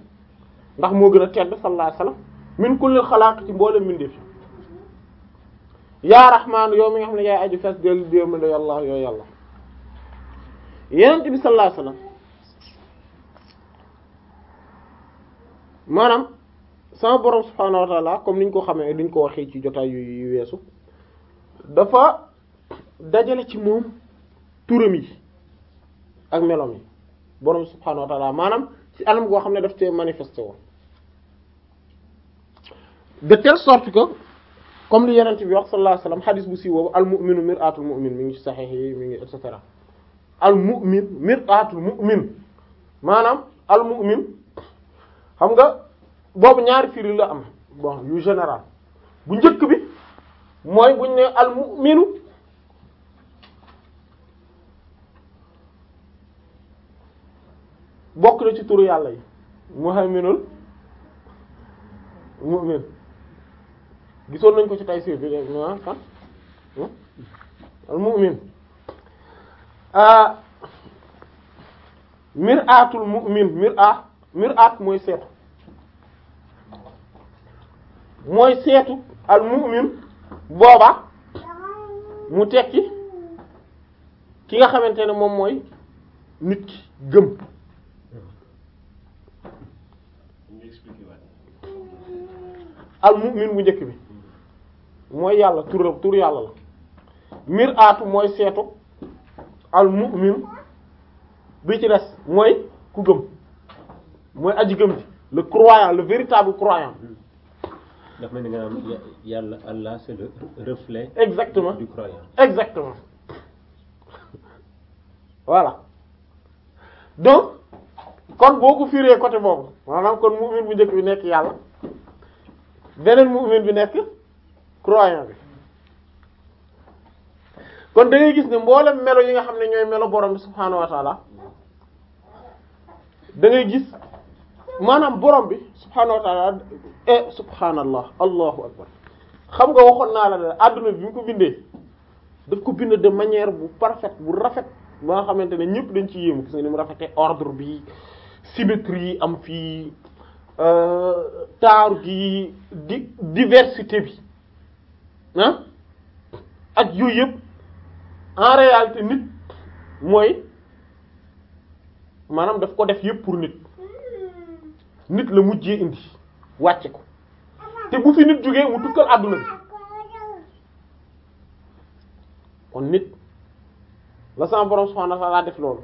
ndax moo gën a tedd sallallahu alayhi min kulli xalaaq ci mboolem mbindeef yaa rahmaanu yow mi nga xam ne yaay aju fees del déema la yàlla yooyu yàlla yenent bi sallallahu alayhi maanaam sama borom subhaanahu wa taala comme niñ ko xamee ñu ko waxee ci jotaay yu weesu dafa dajale ci moom turam yi ak melo yi borom subhaanahu wa maanaam ci anam goo xam ne daf cee manifesté woon de telle sorte que comme li yenent bi wax sallallahu alayhi wasallam xadis bu si boobu al mu'minu mir'atul mu'min mi ngi ci saxiix yi mi ngi et cetera al mu'min mir'atul mu'min maanaam al mu'min xam nga boobu ñaari firi la am bon yu général bu njëkk bi mooy buñ ne al mu'minu bokk na ci turu yàlla yi muhamminul mu'min gisoon nañ ko ci Tayssîr bi dégg nga ah, kan hmm? al mu'min ah, mir'atul mu'min mir'a mir'at mooy seetu mooy seetu al mu'min booba mu tekki ki nga xamante ne moom mooy nit ki gëm. al mu'min bu njëkk bi mooy yàlla tur tur yàlla la mir'atu mooy seetu al mu'min bi ci des mooy ku gëm mooy aji gëm ji le croyant la véritable croyant. daf mel ni nga naan yàlla Allah c'est le reflet. exactement du <laughs> donc kon boo ko firee côté boobu maanaam kon mu'min bu njëkk bi nekk yàlla beneen mu'min bi nekk croyant bi kon da gis ne mboolem melo yi nga xam ne ñooy melo borom bi subhaanahu wa taala gis. maanaam borom bi subhaanahu wa taala e eh, subhaanallah allahu akbar xam nga waxoon naa la ne adduna bi mu ko bindee daf ko bind de manière bu parfaite bu rafet ba nga xamante ne ñëpp dañ ci yéemu gis nga ni ordre bi symétrie yi am fii euh, taaru gi di diversité bi ah ak yooyu yëpp en réalité nit mooy maanaam daf ko def yëpp pour nit nit la mujjee indi wàcce ko te bu fi nit jógee mu tukkal àdduna kon nit la sama borom subhanahu wa ta'ala def loolu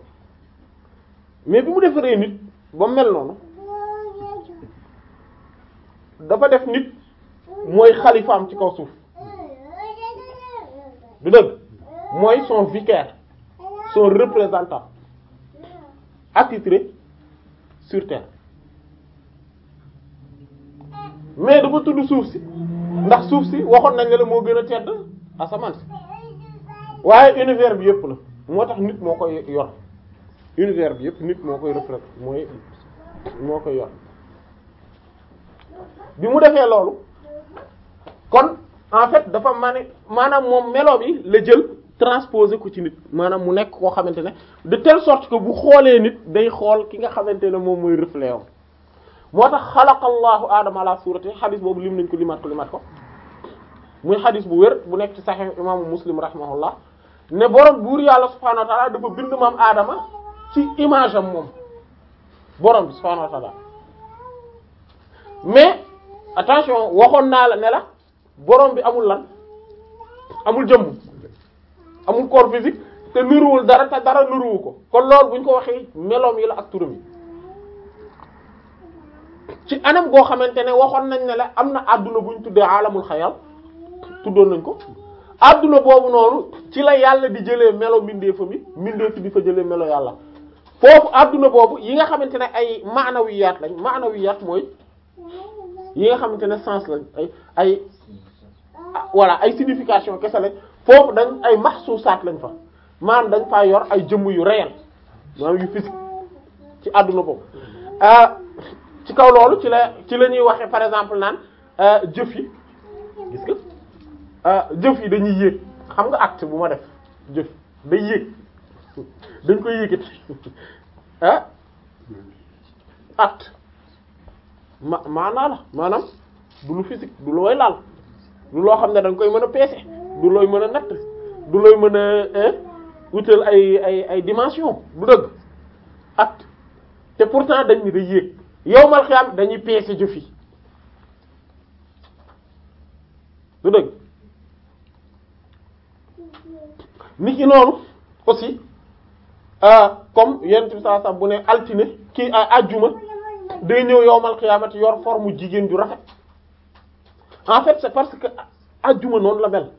mais bi mu defaree nit ba mel noonu dafa def nit mooy xalifaam ci kaw suuf du dëgg mooy son vicaire son représentant attitré sur mais dafa tudd suuf si ndax suuf si waxoon nañ la moo gën a tedd asamaan si waaye univers bi yëpp la moo tax nit moo koy yor univers bi yëpp nit moo koy refléter mooy moo koy yor bi mu defee loolu kon en fait dafa mani maanaam moom melo bi la jël transposer ko ci nit maanaam mu nekk koo xamante ne de tell sorte que bu xoolee nit day xool ki nga xamante ne moom mooy reflet moo tax xalaqallahu aadama ala suurati xadis boobu lim nañ ko limaat ko limaat ko muy xadis bu wér bu nekk ci saxiix imaamu muslim rahimahullah ne borom buur yàlla subhaanahu wa taala dafa bind maam aadama ci image am moom boroom bi subhaanahu wa taala mais attention waxoon naa la ne la borom bi amul lan amul jëmm amul corps physique te nuruwul dara te dara nuruwu ko kon loolu bu ñu ko waxee meloom yi la ak turam yi ci anam goo xamante ne waxoon nañ ne la am na adduna buñ tuddee alamul xayal tuddoon nañ ko àdduna boobu noonu ci la yàlla di jëlee melo mindee mbindeefa mi mbindeefi di fa jëlee melo yàlla foofu adduna boobu yi nga xamante ne ay maana maanawiyaat lañ maana maanawiyaat mooy yi nga xamante ne sens lañ ay ay voilà ay signification kese lañ foofu dañ ay maxsuusaat lañ fa maanaam dañ fa yor ay jëmm yu réel maanaam yu physique ci àdduna boobu euh, ci kaw ci la ci la ñuy waxee par exemple naan euh, jëf yi euh, jëf yi dañuy yéeg xam nga acte bu ma def jëf day yéeg dañ koy yéegat <laughs> ah acte ma maanaa la maanaam du lu physique du looy laal du loo xam ne da koy mën a peese du looy mën a nett du looy mën a wutal ay ay ay dimension du dëgg te pourtant dañ ni day yéeg yowmal xiyaam dañuy peese jëf yi du dëgg nit ñi noonu aussi euh, comme yenn ci saa bu ne altine kii ajjuma euh, day ñëw yowmal xiyaamati yor formu jigéen ju rafet en fait c'est parce que ajjuma noonu la mel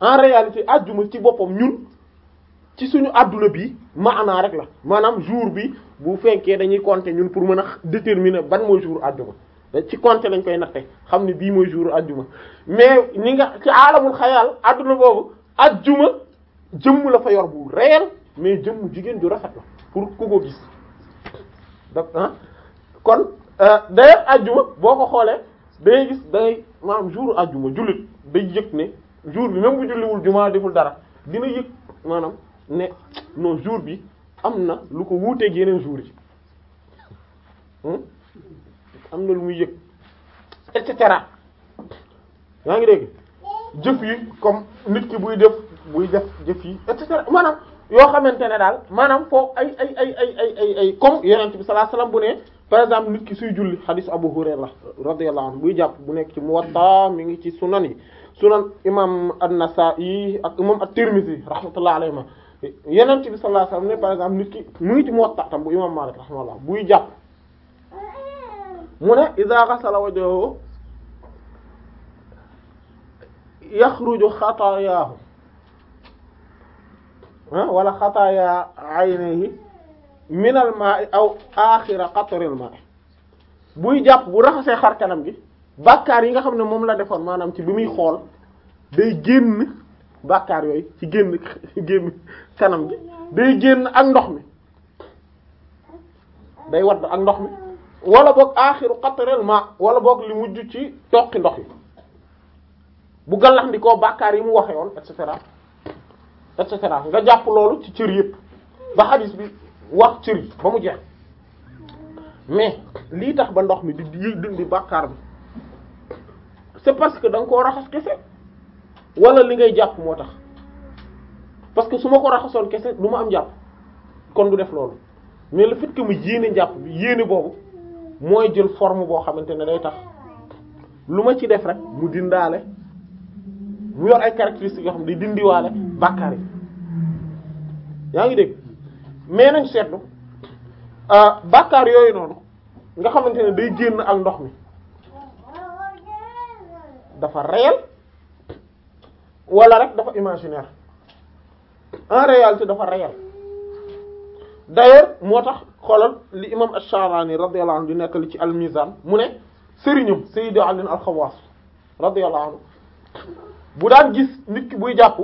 en réalité ajjuma ci boppam ñun ci suñu adduna bi maanaa rek la maanaam jour bi bu fekkee dañuy compter ñun pour mën a déterminer ban mooy jour àjjuma ci compter lañ koy natte xam ne bii mooy jour àjjuma mais ñi nga ci aalamul xayaal adduna boobu àjjuma jëmm la fa yor bu réel mais jëmm jigéen ju rafet la pour ku ko gis da ah kon euh, d'ailleurs àjjuma boo ko xoolee day gis day maanaam jour àjjuma jullit day yëg ne jour bi même bu julliwul jumaa deful dara dina yëg maanaam ne non jour bi am na lu ko wuuteeg yeneen jour yi hmm? am na lu muy yëg et cetera yaa ngi dégg jëf yi comme nit ki buy def buy def jëf yi et cetera maanaam yoo xamante ne daal maanaam foofu ay ay ay ay ay ay ay comme yonent bi sallallahu alayhi wasallam bu ne par exemple nit ki suy julli hadith Abu Hurayra radiyallahu anhu buy jàpp bu nekk ci Muwatta mi ngi ci sunan yi sunan imam An-Nasa'i ak imam At-Tirmidhi rahmatullahi alayhi yeneen bi sallallahu alayhi wasallam ne par exemple nit ki mu ngi ci Muwatta tam bu imam Malik rahimahullah buy jàpp mu ne iza ghasala wajhahu yaxruju xataayaahu wala xataayaa aynihi minal maa'i aw aaxira qatril maa'i buy jàpp bu raxasee xar kanam gi bàkkaar yi nga xam ne moom la defoon maanaam ci bi muy xool day génn bàkkaar yooyu ci génn <laughs> génn kanam bi day génn ak ndox mi day wadd ak ndox mi wala boog aaxiru qatril ma wala boog li mujj ci toqi ndox mi bu gallax ndikoo bàkkaar yi mu waxee woon et cetera et cetera nga jàpp loolu ci cër yëpp ba xadis bi wax cër yi ba mu jeex mais lii tax ba ndox mi di di dindi bàkkaar bi c'est parce que danga nga koo raxas kese wala li ngay jàpp moo tax parce que su ma ko raxasoon kese du ma am jàpp kon du def loolu mais le fait que mu yéene jàpp bi yéene boobu mooy jël forme boo xamante ne day tax lu ma ci def rek mu dindaale mu yor ay caractéristiques yoo xam ne day dindiwaale bàkkaar yi yaa ngi dégg mais nañ seetlu euh, bàkkaar yooyu noonu nga xamante ne day génn ak ndox mi dafa réel wala rek dafa imaginaire en réalité dafa réel d'ailleurs moo tax xoolal li imam Ash-Sha'rani radiyallahu anhu di nekk ci al-Mizan mu ne sëriñum Sayyid Ali al-Khawas radiyallahu anhu bu daan gis nit ki buy jàpp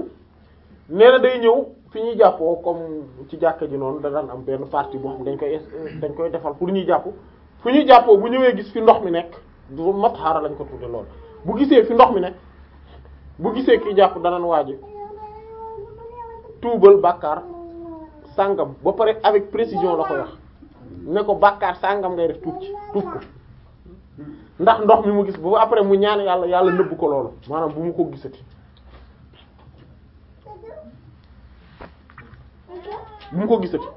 nee na day ñëw fi ñuy jàppoo comme ci jàkka ji noonu da daan am benn partie boo xam dañ koy dañ koy defal pour ñuy jàpp fu ñuy jàppoo bu ñëwee gis fi ndox mi nekk mat matxaara lañ ko tudde lool bu gisee fi ndox mi nekk bu gisee kuy jàpp danan waaji tuubal bàkkaar sàngam ba pare avec précision la ko wax ne ko bàkkaar sàngam ngay def tuub ci tuub ko ndax ndox mi mu gis ba après mu ñaan yàlla yàlla nëbb ko loolu maanaam bu mu ko gisati bu mu ko gisati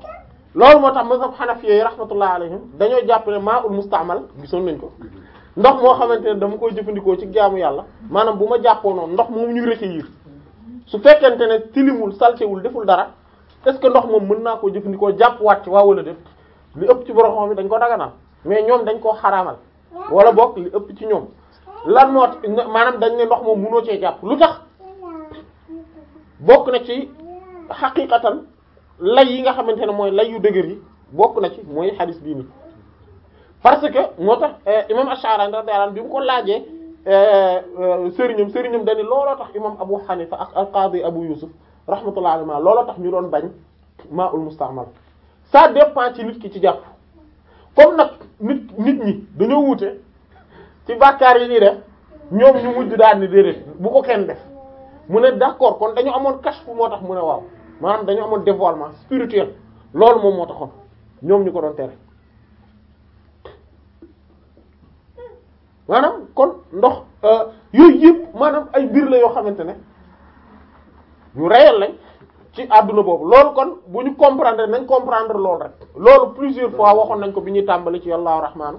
loolu moo tax mazhab Hanafi yi rahmatullah alayhim dañoo jàpp ne maa ul mustaamal gisoon nañ ko ndox moo xamante ne dama koy jëfandikoo ci jaamu yàlla maanaam ndox moom ñu recueillir su fekkente ne tilimul saltewul deful dara est que ndox moom mën naa koo jëfandikoo jàpp wàcc waa wala def li ëpp ci borom xam yi dañ ko daganal mais ñoom dañ koo xaraamal wala bokk li ëpp ci ñoom lan moo maanaam dañ ne ndox moom mënoo cee jàpp lu tax bokk na ci xaqiqatan lay yi nga xamante ne mooy lay yu dëgër yi bokk na ci mooy xadis bii nii parce que moo tax eh, imam Ash'ari radiyallahu anhu bi mu ko laajee Eh, eh, sëriñam sëriñam dañu looloo tax imam Abu Hanifa ak al-Qadi Abu Yusuf rahmatullahi alayhi ma looloo tax ñu doon bañ maa ul musta'mal ça dépend ci nit ki ci jàpp comme nag nit nit ñi dañoo wuute ci bàkkaar yi ñuy ñoom ñu mujj daal ni déedéet bu ko kenn def mu ne d'accord kon dañu amoon kashfu moo tax mu ne waaw maanaam dañu amoon dévoilement spirituel loolu moom moo taxoon ñoom ñu ko doon tere maanaam kon ndox euh, yooyu yëpp maanaam ay biir la yoo xamante ne ñu réel lañ ci àdduna boobu loolu kon bu ñu comprendre nañ comprendre loolu rek loolu plusieurs fois waxoon nañ ko bi ñuy tàmbali ci yàllaahu rahmaanu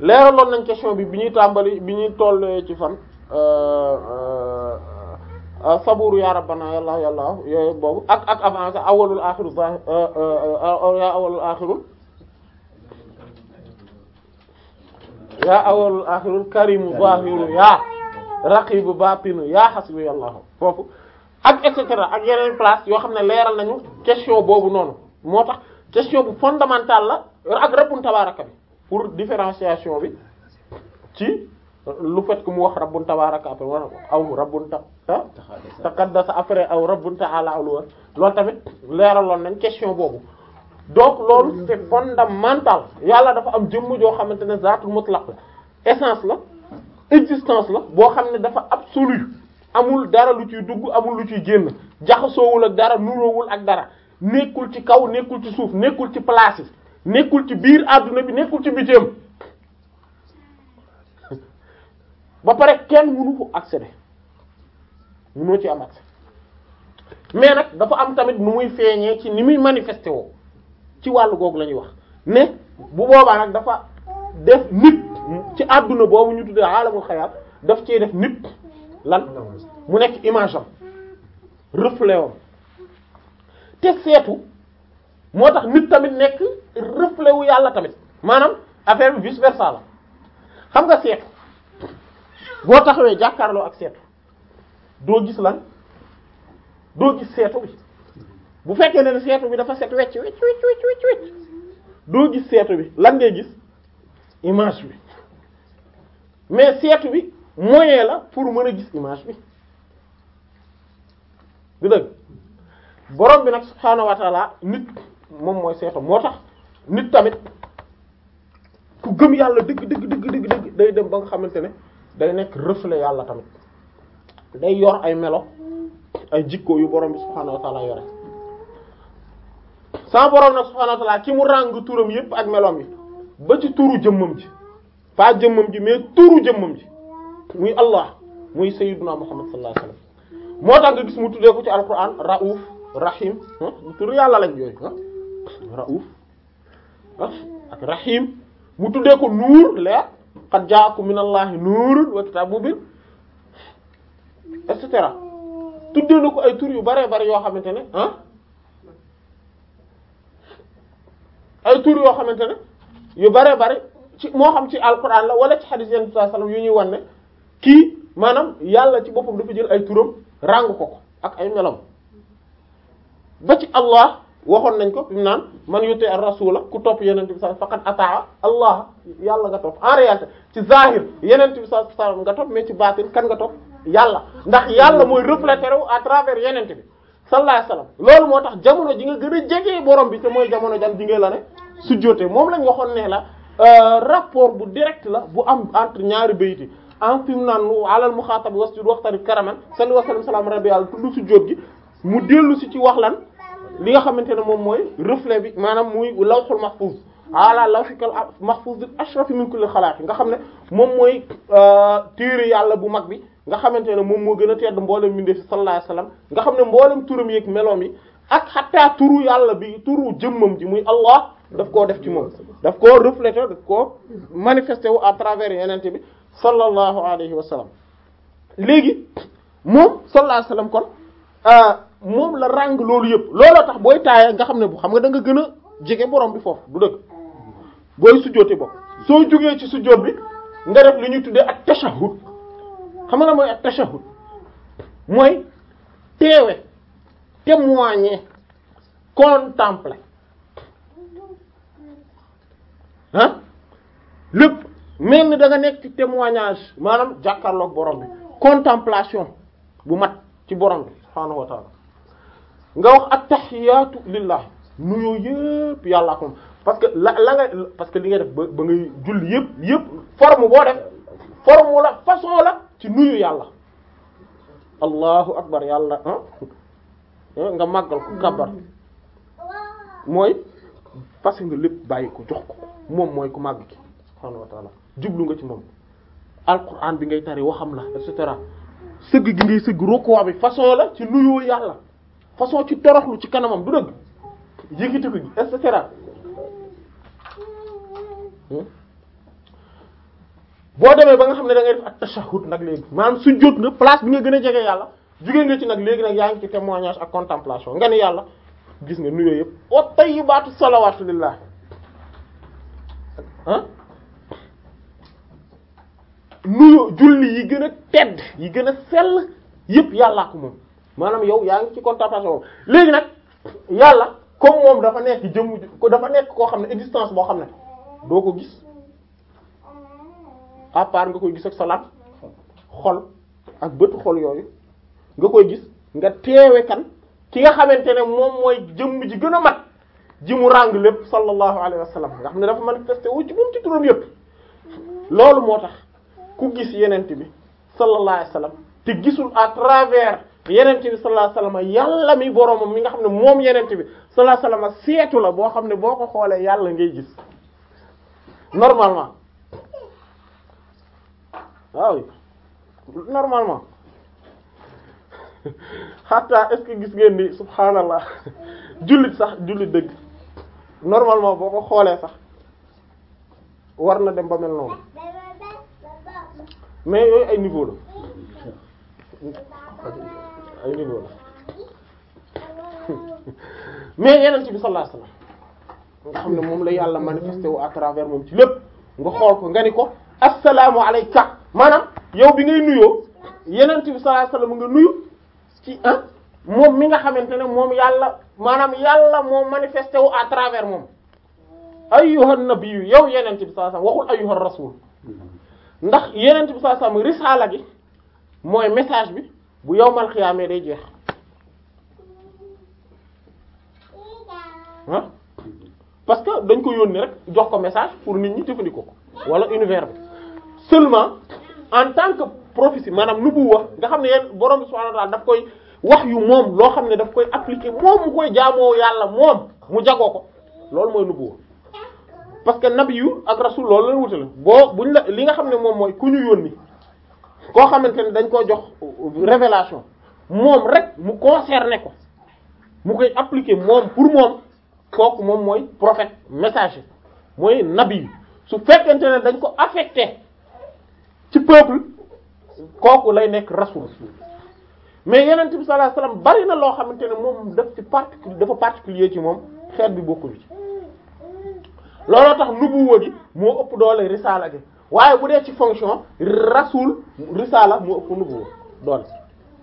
leeraloon nañ question bi bi ñuy tàmbali bi ñuy toll ci fan euh, euh, saburu ya rabbana yàlla yàlla yooyu boobu ak ak avancé awalul axiru yaa awwalul aaxirul karimu zaahiru yaa raqibu baatinu yaa xasbi yàllaahu foofu ak et cetera ak yeneen place yoo xam ne leeral nañu question boobu noonu moo tax question bu fondamentale la ak rabbun tabaaraka bi pour différenciation bi ci lu fait que mu wax rabbun tabaaraka après wala aw rabbun ta taqaddasa après aw rabbun ta'ala aw lu war loolu tamit leeraloon nañ question boobu donc loolu c'est fondamental yàlla dafa am jëmm joo xamante ne zaatul mutlaq la essence la existence la boo xam ne dafa absolu amul dara lu ciy dugg amul lu ciy génn jaxasoowul ak dara nuroowul ak dara nekkul ci kaw nekkul ci suuf nekkul ci place yi nekkul ci biir àdduna bi nekkul ci bitéem <laughs> ba pare kenn mënu ko accéder mënoo ci am accès mais nag dafa am tamit nu muy feeñee ci ni muy manifesté woo ci wàllu googu lañuy wax mais bu boobaa nag dafa def nit ci àdduna boobu ñu tuddee alamul xayaal daf cee def nit lan mu nekk image am reflet te seetu moo tax nit tamit nekk reflet yàlla tamit maanaam affaire bi vice versa la xam nga seetu boo taxawee jàkkaarloo ak seetu doo gis lan doo gis seetu bi bu fekkee ne seetu bi dafa set wecc wecc wecc wecc wecc doo gis seetu bi lan ngay gis image bi mais seetu bi moyen la pour mën a gis image bi du dëgg borom bi nag subhaanahu wa nit moom mooy seetu moo tax nit tamit ku gëm yàlla dëgg dëgg dëgg dëgg day dem ba nga xamante ne day nekk reflet yàlla tamit day yor ay melo ay jikko yu borom bi subhaanahu wa yore sama borom nag subhaanahu wa ta'ala ki mu ràng turam yépp ak meloom yi ba ci turu jëmmam ji pas jëmmam ji mais turu jëmmam ji muy Allah muy sayyiduna moo tax mu tuddee ko ci alquran rauf rahim mu turu yàlla lañ yooyu rauf ak rahim mu tuddee ko nuur leer qad jaakum minallahi nuurun wa kitaabun mubiin et ko ay tur yu bare yoo xamante ne ay tur yoo xamante ne yu bare bare ci moo xam ci alquran la wala ci xadis yenn bi sallam yu ñuy wan ne kii maanaam yàlla ci boppam dafa jël ay turam ràng ko ak ay melam ba ci allah waxoon nañ ko bi mu naan man yuti ar rasula ku topp yenent bi sallam faqad ataa allah yàlla nga topp en réalité ci yeneen yenent bi sallam nga topp mais ci baatin kan nga topp yàlla ndax yàlla mooy reflété wu à travers yenent bi sallallahu alayhi wasallam loolu moo tax jamono ji nga gën a jegee borom bi te mooy jamono jan ji nga la ne sujjóote moom lañ waxoon ne la euh, rapport bu direct la bu am entre ñaari bayti en fi mu naan alal muxaatab wasjud waxtari karaman sallallahu alayhi wasallam salaam rabbi yàlla tudd sujjóot gi mu dellu si ci wax lan li nga xamante ne moom mooy reflet bi maanaam muy lawxul mahfuz ala lawhikal mahfuz ashrafi min kulli xalaat nga xam ne moom mooy euh, téere yàlla bu mag bi nga xamante ne moom moo gën a tedd mboolem mbindeef si sallallahu alayhi wasallam nga xam ne mboolem turam yeeg meloom yi ak xattaa turu yàlla bi turu jëmmam ji muy Allah daf koo def ci moom daf koo refléter daf ko manifester wu à travers yenente bi sallallahu alayhi wa léegi moom sallallahu alayhi wa sallam kon euh, moom la ràng loolu yëpp looloo tax booy taaya nga xam ne bu xam nga da nga gën a jege boroom bi foofu du dëgg booy sujjóote bokk soo jógee ci sujjóot bi nga def ñuy tuddee ak tashahhud xam nga mooy ak tashahhud mooy teewe témoigner contempler ah lépp mel ni da nekk ci témoignage maanaam jàkkaarloog borom bi contemplation bu mat ci borom bi subhaanahu wa nga wax ak tahiyaatu lillah nuyoo yëpp yàlla ko parce que la la parce que li nga def ba ba ngay julli yëpp yëpp forme boo def forme la façon la ci nuyu yàlla allahu akbar yàlla ah, ah, nga màggal ko kàbbar mooy parce nga lépp bàyyi ko jox ko moom mooy ku màgg ki subhaanahu wa taala jublu nga ci moom alquran bi ngay tari waxam la et cetera sëgg gi ngay sëgg rokkoo bi façon la ci nuyoo yàlla façon ci toroxlu ci kanamam du dëgg yëkkati ko gi et cetera hmm? boo demee ba nga xam ne da ngay def ak tashahhud nag léegi maanaam sujjóot nga place bi nga gën a jege yàlla jugee nga ci nag léegi nag yaa ngi ci témoignage ak contemplation nga ni yàlla gis nga nuyoo yëpp wa tayyibaatu salawaatu lillah ah nuyoo julli yi gën a tedd yi gën a sell yëpp yàlla ko moom maanaam yow yaa ngi ci contemplation moom léegi nag yàlla comme moom dafa nekk jëm dafa nekk koo xam ne existence boo xam ne doo ko gis à part nga koy gis ak salaat xol ak bëtu xol yooyu nga koy gis nga teewe kan ki nga xamante ne moom mooy jëmm ji gën a mat ji mu ràng lépp sallallahu alayhi wa sallam nga xam ne dafa manifesté wu ci moom ci turam yëpp loolu moo tax ku gis yenent bi sallallahu alayhi wa sallam te gisul à travers yenent bi sallallahu alayhi wa sallam yàlla mi boroomam mi nga xam ne moom yenent bi sallallahu alayhi wa sallam seetu la boo xam ne boo ko xoolee yàlla ngay gis normalement waaw normalement xataa <laughs> est-ce que gis ngeen ni subhaanallah <laughs> jullit sax jullit dëgg normalement boo ko xoolee sax war na dem ba mel noonu mais yooyu ay niveau la ay niveau la <laughs> mais yeneen ci bi sallallahu alayhi wasallam nga xam ne moom la yàlla manifesté wu à travers moom ci lépp nga xool ko nga ni ko assalaamu alayka maanaam yow bi ngay nuyoo yeneen bi sallallahu alayhi wasallam nga nuyu ci ah moom mi nga xamante ne moom yàlla maanaam yàlla moom manifesté wu à travers moom ay ayyuhan nabiyyu yow yeneen bi sallallahu alayhi wasallam waxul ayyuhar rasul ndax yeneen bi sallallahu alayhi wasallam risaala gi mooy message bi bu yowmal xiyaamee day jeex ah parce que dañ ko yónni rek jox ko message pour nit ñi jëfandikoo ko wala univers bi en tant que prophétie maanaam nubu wax nga xam ne yéen borom bi subhanahu wa ta'ala daf koy wax yu moom loo xam ne daf koy appliquer moom mu koy jaamoo yàlla moom mu jagoo ko loolu mooy nubu wax parce que nabi yu ak rasul loolu la wutale la li nga xam ne moom mooy ku ñu yónni koo xamante ne dañ koo jox euh, révélation moom rek mu concerné ko mu koy appliquer moom pour moom kooku moom mooy prophète messager mooy nabi su fekkente ne dañ ko affecté ci peuple kooku lay nekk rasul mais yenent bi sallallahu alayhi wasallam bari na loo xamante ne moom def ci particulier dafa particulier ci moom xeet bi bokkul ci looloo tax nubuwa gi moo ëpp doole risaala gi waaye bu dee ci fonction rasul risaala moo ëpp nubuwa doole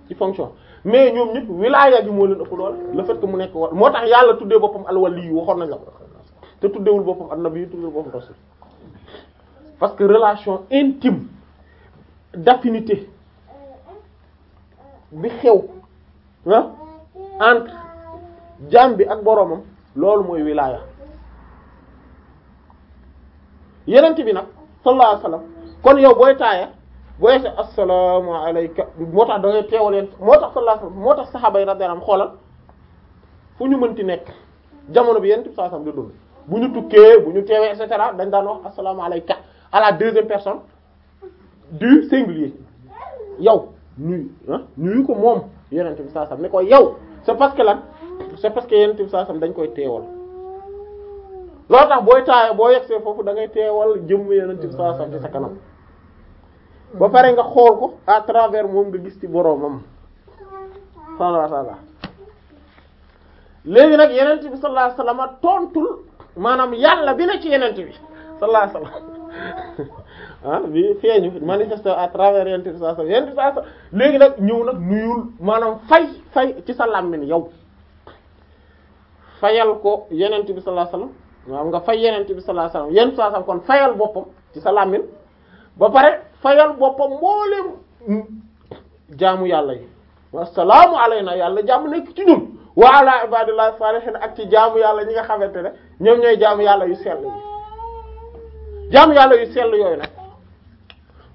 ci fonction mais ñoom ñëpp wilaaya gi moo leen ëpp doole le fait que mu nekk wa moo tax yàlla tuddee boppam alwali yi waxoon nañ la ko te tuddewul boppam annabi yi tuddewul boppam rasul parce que relation intime d'affinité bi xew ah entre jaam bi ak boroomam loolu mooy wilaaya yenent bi nag sallallahu alayhi wasallam kon yow booy taaya booy sa assalaamu alayka moo tax da ngay teewaleen moo tax sallallahu alayhi moo tax saxaaba yi radiyallahu anhum xoolal fu ñu mënti nekk jamono bi yenent bi sallallahu alayhi bu ñu tukkee bu ñu teewee et cetera dañ daan wax assalaamu alayka à la deuxième personne du singulier yow nuyu ah nuyu ko moom yenente bi saasam ne ko yow c'est parce que lan c'est parce que yenente bi saasam dañ koy teewal loolu tax booy taaya boo yegsee foofu da ngay teewal jëmm yenente bi saasam ci sa kanam ba pare nga xool ko à travers moom nga gis ci boroomam sallallahu alayhi wasallam léegi nag yenente bi sallallahu alayhi wasallam tontul maanaam yàlla bi na ci yenente bi sallallahu alayhi wasallam <laughs> ah bi feeñu manifesté à travers yent bi saa sallam léegi nag ñëw nag nuyul maanaam fay fay ci sa làmmiñ yow fayal ko yenent bi sallallahu alayhi wasallam am fay yenent bi sallallahu alayhi wasallam kon fayal boppam ci sa làmmiñ ba pare fayal boppam mboolem jaamu yàlla yi wa salaamu na yàlla jaamu nekk ci ñun wa ala ibadillahi salihin ak ci jaamu yàlla ñi nga xamante ne ñoom ñooy jaamu yàlla yu sell yi jaamu yàlla yu sell yooyu nag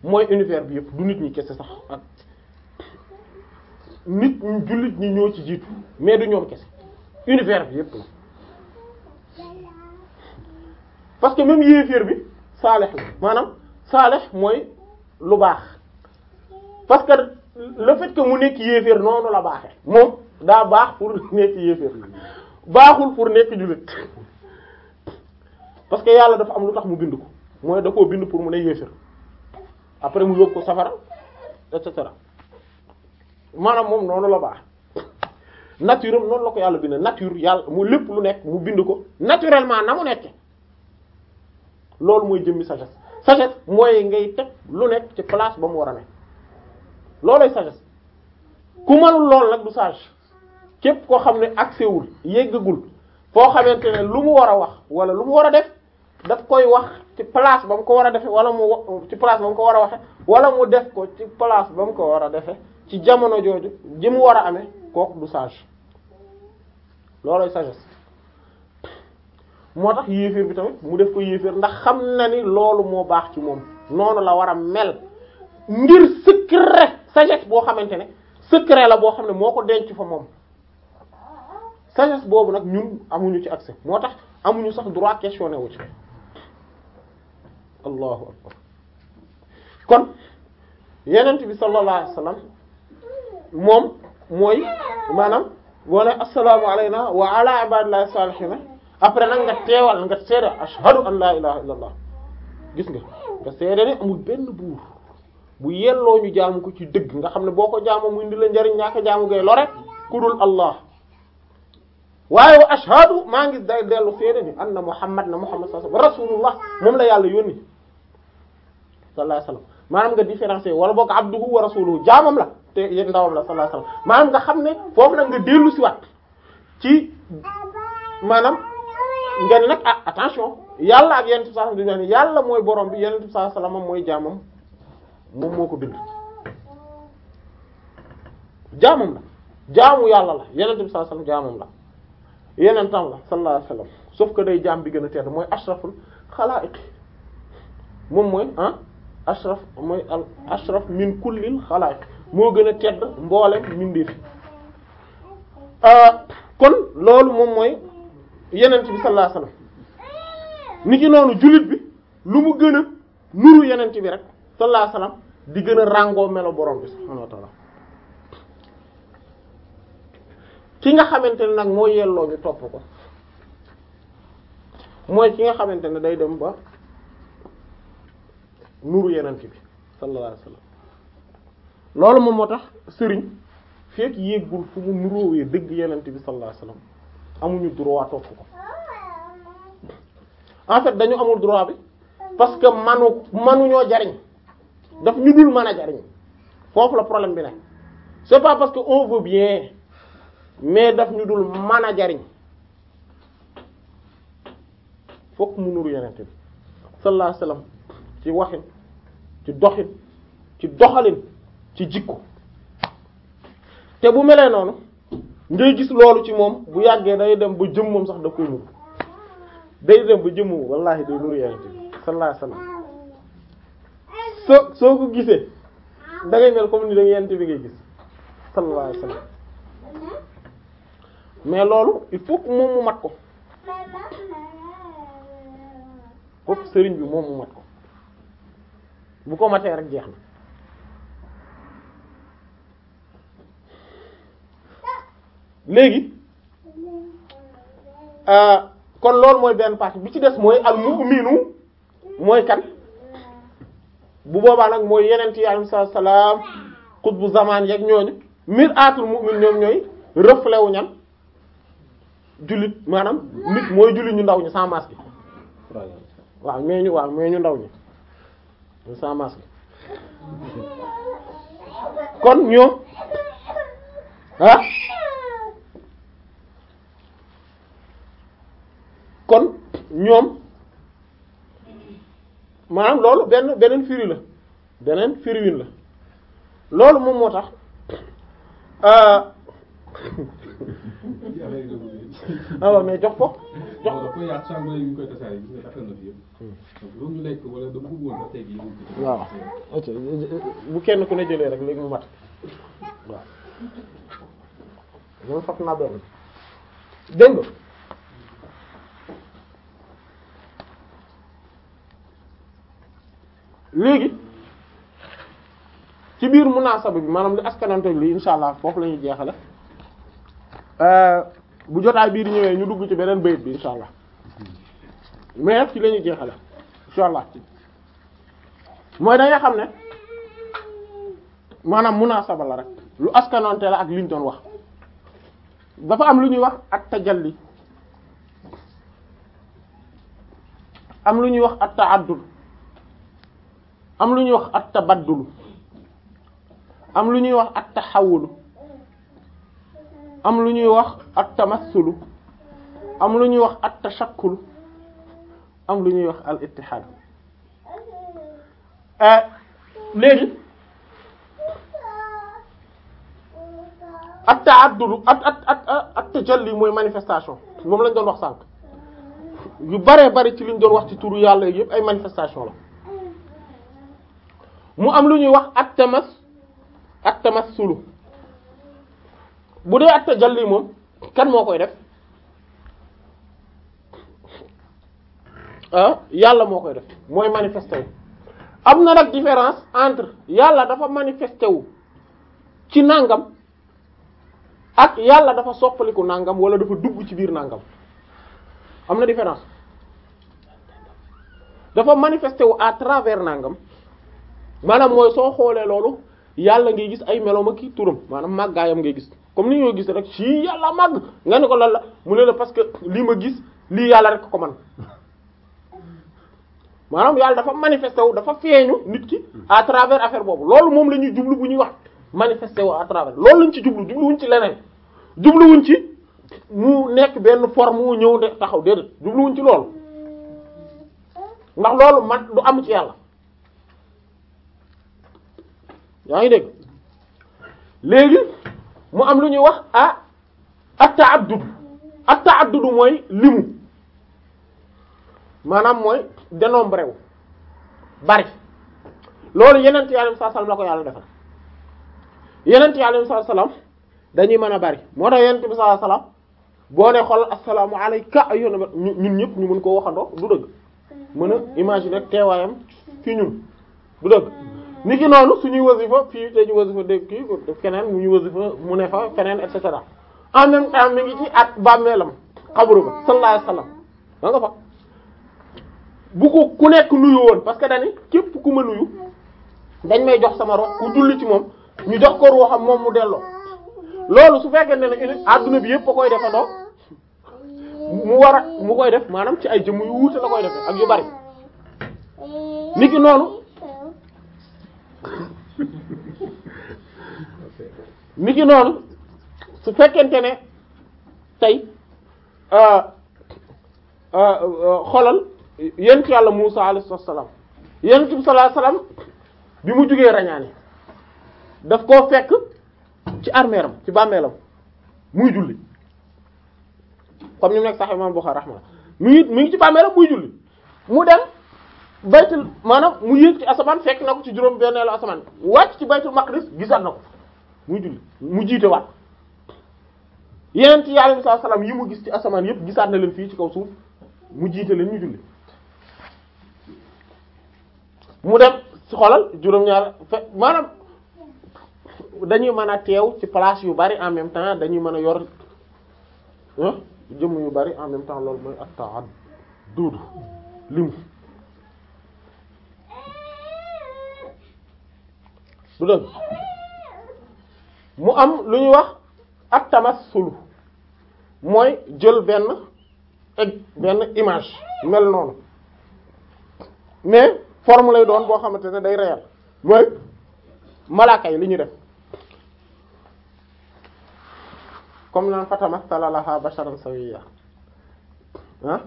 mooy univers bi yëpp du nit ñi kese sax ak nit ñu jullit ñi ñoo ci jiitu mais du ñoom kese univers bi yëpp la parce que même yéeféer bi saalex la maanaam saalex mooy lu baax parce que le fait que mu nekk yéeféer noonu la baaxee moom daa baax pour nekk yéeféer baaxul pour nekk jullit parce que yàlla dafa am lu tax mu bind ko mooy da koo bind pour mu ne yéefér après mu yóbbu ko safara et cetera maanaam moom noonu la baax nature am noonu la ko yàlla bind nature yàlla mu lépp lu nekk mu bind ko naturellement na mu nekk loolu mooy jëmmi sagesse sagesse mooy ngay teg lu nekk ci place ba mu war a nekk loolooy sagesse ku mënul loolu nag du sage képp koo xam ne accès wul yeggagul foo xamante ne lu mu war a wax wala lu mu war a def daf koy wax ci place ba mu ko war a defe wala mu ci place ba mu ko war a waxe wala mu def ko ci place ba mu ko war a defe ci jamono jooju ji mu war a ame kooku du sage loolooy sagesse moo tax yéeféer bi tamit mu def ko yéeféer ndax xam na ni loolu moo baax ci moom noonu la war a mel ngir secret sagesse boo xamante ne secret la boo xam ne moo ko denc fa moom sagesse boobu nag ñun amuñu ci accès moo tax amuñu sax droit questionné wu ci allahu akbar kon yenent bi sallallahu wa sallam moom mooy maanaam wala assalaamu alayna wa ala ibadillahi salihina après nag nga teewal nga seede ashhadu an la ilaha illallah gis nga nga seede ne amul benn buur bu yelloo ñu jaamu ko ci dëgg nga xam ne boo ko jaamoo muy ndi la njariñ ñaaka jaamu ngay lore ku dul allah waaye wa ashhadu maa ngi day dellu seede ni anna muhammad na muhammad sallallahu rasulullah moom la yàlla yónni sallallahu alayhi wasallam maanaam nga différencier wala boog abduhu wa rasuluhu jaamam la te yéen ndawam la sallallahu alayhi wasallam maanaam nga xam ne foofu nag nga dellu si waat ci maanaam nga ne nag ah, attention yàlla ak yeneen sallallahu alayhi wasallam yàlla mooy borom bi yeneen sallallahu alayhi wasallam mooy jaamam moom moo ko bind jaamam la jaamu yàlla la yeneen sallallahu alayhi wasallam jaamam la yeneen tam la sallallahu alayhi wasallam sauf que day jaam bi gën a tedd mooy ashraful xalaa'iq moom mooy ah, ashraf mooy al ashraf min kullil xalaaq moo gën a tedd mboolem mbindeef ah, kon loolu moom mooy yenent bi sallallahu alayhi wasallam ni ki noonu julit bi lu mu gën a nuru yenent bi rek sallallahu alayhi di gën a ràngoo melo borom bi subhaanahu wa ta'aala ki nga xamante ne nag moo yelloo ñu topp ko mooy ki nga xamante ne day dem ba nuru yeneen bi sallallahu alayhi loolu moom moo tax sëriñ fekk yéegul fu mu nuroowee dëgg yenent bi sallallahu alayhi wasallam amuñu droit topp ko en fait dañu amul droit bi parce que manu manuñoo jariñ daf ñu dul man a jariñ foofu la problème bi ne c'est pas parce que on veut bien mais daf ñu dul mën a jariñ fokk mu nuru yenent bi sallallahu alayhi ci waxin ci doxit ci doxalin ci jikko te bu melee noonu ngay gis loolu ci moom bu yàggee day dem ba jëm sax da koy nuru day dem ba jëmmu wallahi day loolu yonent bi sallallahu alayhi soo soo ko gisee dangay ngay mel comme ni da yonent bi ngay gis sallallahu alayhi mais loolu il faut que moom mu mat ko foofu sëriñ bi moom mu mat ko bu ko matee rek jeex na léegi euh, kon loolu mooy benn partie bi ci des mooy al mu'minu mooy kan bu boobaa nag mooy yeneen yi alayhi salaam xutbu zamaan yeeg ñooñu mir'atul mu'min ñoom ñooy reflet wu ñan jullit maanaam nit mooy jullit ñu ndaw ñi sans masque waaw mais ñu waaw mais ñu ndaw ñi sans masque kon ñoom ah kon ñoom maanaam loolu benn beneen firi la beneen firiwin la loolu moom moo tax euh, <laughs> ah waaw jox ko jox ko waaw ok bu kenn ku ne jëlee rek léegi mu mat waaw loolu naa benn dégg léegi ci biir munaasaba bi maanaam li askanante li insha allah foofu lañuy ñuy jeexale euh, bu jotaay bii di ñëwee ñu dugg ci beneen bayit bi insha allah mais ci la jeexale insha allah mooy da xam ne maanaam munaasaba la rek lu askanoonte la ak liñ doon wax dafa am lu ñuy wax at tajalli am lu ñuy wax at ta'addul am lu ñuy wax at tabaddul lu ñuy wax am lu ñuy wax ak tamassulu am lu ñuy wax at tashakkul am lu ñuy wax al ittihad euh, léegi at ta'addud ak ak at mooy manifestation moom lañ doon wax sànq yu baree bari ci liñ doon wax ci turu yàlla yëpp ay manifestation la mu am lu ñuy wax ak tamas ak tamassulu bu dee at tajalli moom kan moo koy def ah, yàlla moo koy def mooy manifesté am na nag différence entre yàlla dafa manifesté wu ci nàngam ak yàlla dafa soppaliku nàngam wala dafa dugg ci biir nàngam am na différence dafa manifesté wu à travers nàngam maanaam mooy soo xoolee loolu yàlla ngay gis ay meloom ak i turam maanaam màggaayam ngay gis comme ni ñoo gis rek ci yàlla màgg nga ne ko lan la mu ne la parce que lii ma gis lii yàlla rek ko man maanaam yàlla dafa manifesté wu dafa feeñu nit ki à travers affaire boobu loolu moom la ñuy jublu bu ñuy wax manifesté wu à travers loolu lañ ci jublu jubluwuñ ci leneen jubluwuñ ci mu nekk benn form wu ñëw de taxaw déedéet jubluwuñ ci loolu ndax loolu man du am ci yàlla yaa ngi dégg léegi mu am lu ñuy wax a at ta'addud at ta'addud mooy limu maanaam mooy dénombré bari loolu yeneen ci yàlla sallam la ko yàlla defal yeneen ci yàlla salaam dañuy mën a bari moo tax yeneen bi sallam boo ne xool assalaamu alayka ayyuhan ñun ñëpp ñu mën koo waxandoo du dëgg mën a imaginer teewaayam fi ñun du dëgg. ni ki noonu suñuy wasifa fii ñu ji wasifa dégg kii def keneen mu ñuy wasifa mu ne fa feneen et cetera en même temps ngi ci at bàmmeelam xabru ba sallallahu alayhi wasallam nga fa bu ko ku nekk nuyu woon parce que dañi képp ku ma nuyu dañ may jox sama rox ku julli ci moom ñu jox ko ruuxam moom mu delloo loolu su fekkee ne ne adduna bi yëpp a koy defandoo mu war mu koy def maanaam ci ay jëmm yu wuute la koy defee ak yu bari niki noonu <laughs> mi ki noonu su fekkente ne tey euh, euh, xolal yent yàlla Muusa alayhi salaam yent bi sallallahu alayhi bi mu jógee rañaane daf koo fekk ci armeeram ci bàmmeelam muy julli comme ni mu nekk sax imam Bukhari rahma mu ngi mu ngi ci bàmmeelam muy julli mu dem baytul maanaam mu yéeg ci asamaan fekk na ko ci juróom benneelu asamaan wàcc ci baytul maqdis gisaat na ko muy julli mu jiite waat yeneen ci yàlla saa yi mu gis ci asamaan yëpp gisaat na leen fii ci kaw suuf mu jiite leen ñu julli mu dem ci xolal juróom-ñaar fe maanaam dañuy mën a teew ci place yu bari en même temps dañuy mën a yor jëmm yu bari en même temps loolu mooy ak taan duudu limu mu am lu ñuy wax ak tamassulu mooy jël benn eg benn image mel noonu mais forme lay doon boo xamante ne day réel mooy malaaka yi li ñu def comme naan fatamassala laha basharan sawiyya ah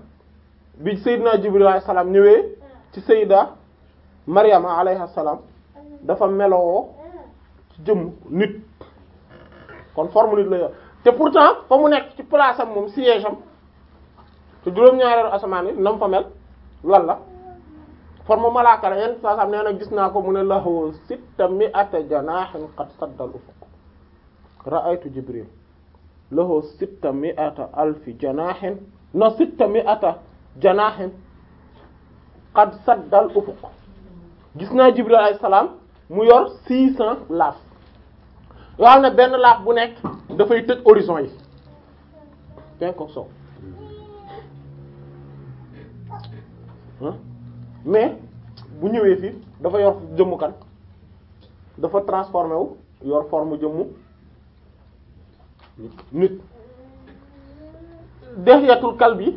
bi Seydina Jibril alayhi salaam ñëwee ci Seyda Maryama alayha salaam dafa meloo ci jëmm nit kon forme nit la yor te pourtant fa mu nekk ci place am moom siège am te juróom-ñaareelu asamaan nam fa mel lan la forme malaaka la yenn saa na gis naa ko mu ne lahu sitta mi'ata janaahin qad saddal ufuq gis naa Jibril alayhi salaam mu yor six cent laaf yoo xam ne benn laaf bu nekk dafay tëj horizon yi penk ak sow mais bu ñëwee fii dafa yor jëmmu dafa transformé wu yor forme jëmmu nit dehyatul kalbi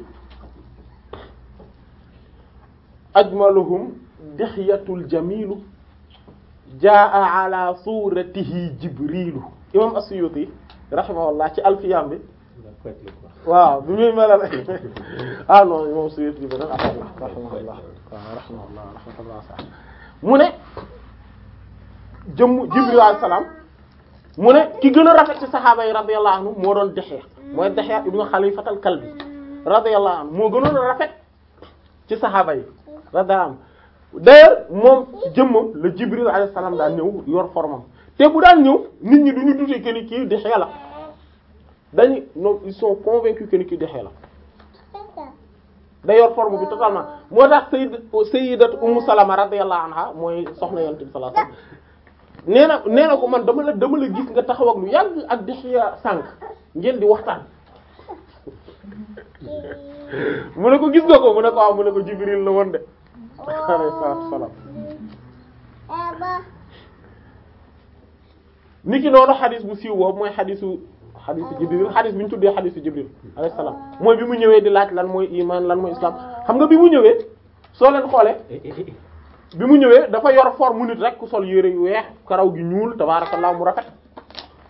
ajmaluhum dixiyatul jamilu jaa ala suratihi jibrilu imam as-Suyuti rahimahullah ci alfiyam bi waaw bi muy melal <laughs> ah non imam as-Suyuti beneen affaire la rahimahullah waaw rahimahullah rahmatullah sa mu ne jëmm jibril alayhi salaam mu ne ki gën a rafet ci saxaaba yi radiyallahu anhu moo doon Dihya mooy Dihya ibnu Xalifatal Kalbi radiyallahu anhu moo gënoon a rafet ci saxaaba yi radiyallahu anhu d'ailleurs moom jëmmam la Jibril alayhi salaam daan ñëw yor formam te bu daan ñëw nit ñi duñu dute que ni kii dexe la dañu ñoom ils sont convaincus que ni kii dexe la da yor forme bi totalement moo tax sayyid sayyidat Ummu Salama radiyallahu anha mooy soxna Yonent bi sallallahu alayhi wasallam na nee ko man dama la dama la gis nga taxaw ak lu yàgg ak Dihya sànq ngeen di waxtaan <laughs> mu ne ko gis nga ko mu ne ko waaw ah, mu ne ko Jibril la woon de alayhi salaatu wassalaam ki noonu xadis bu siiw boobu mooy xadisu xadisu Jibril xadis bu ñu tuddee xadisu Jibril alayhi salaam mooy bi mu ñëwee di laaj lan mooy iman lan mooy islam xam nga bi mu ñëwee soo leen xoolee bi mu ñëwee dafa yor mu nit rek ku sol yére yu weex karaw gi ñuul tabaarakallah mu rafet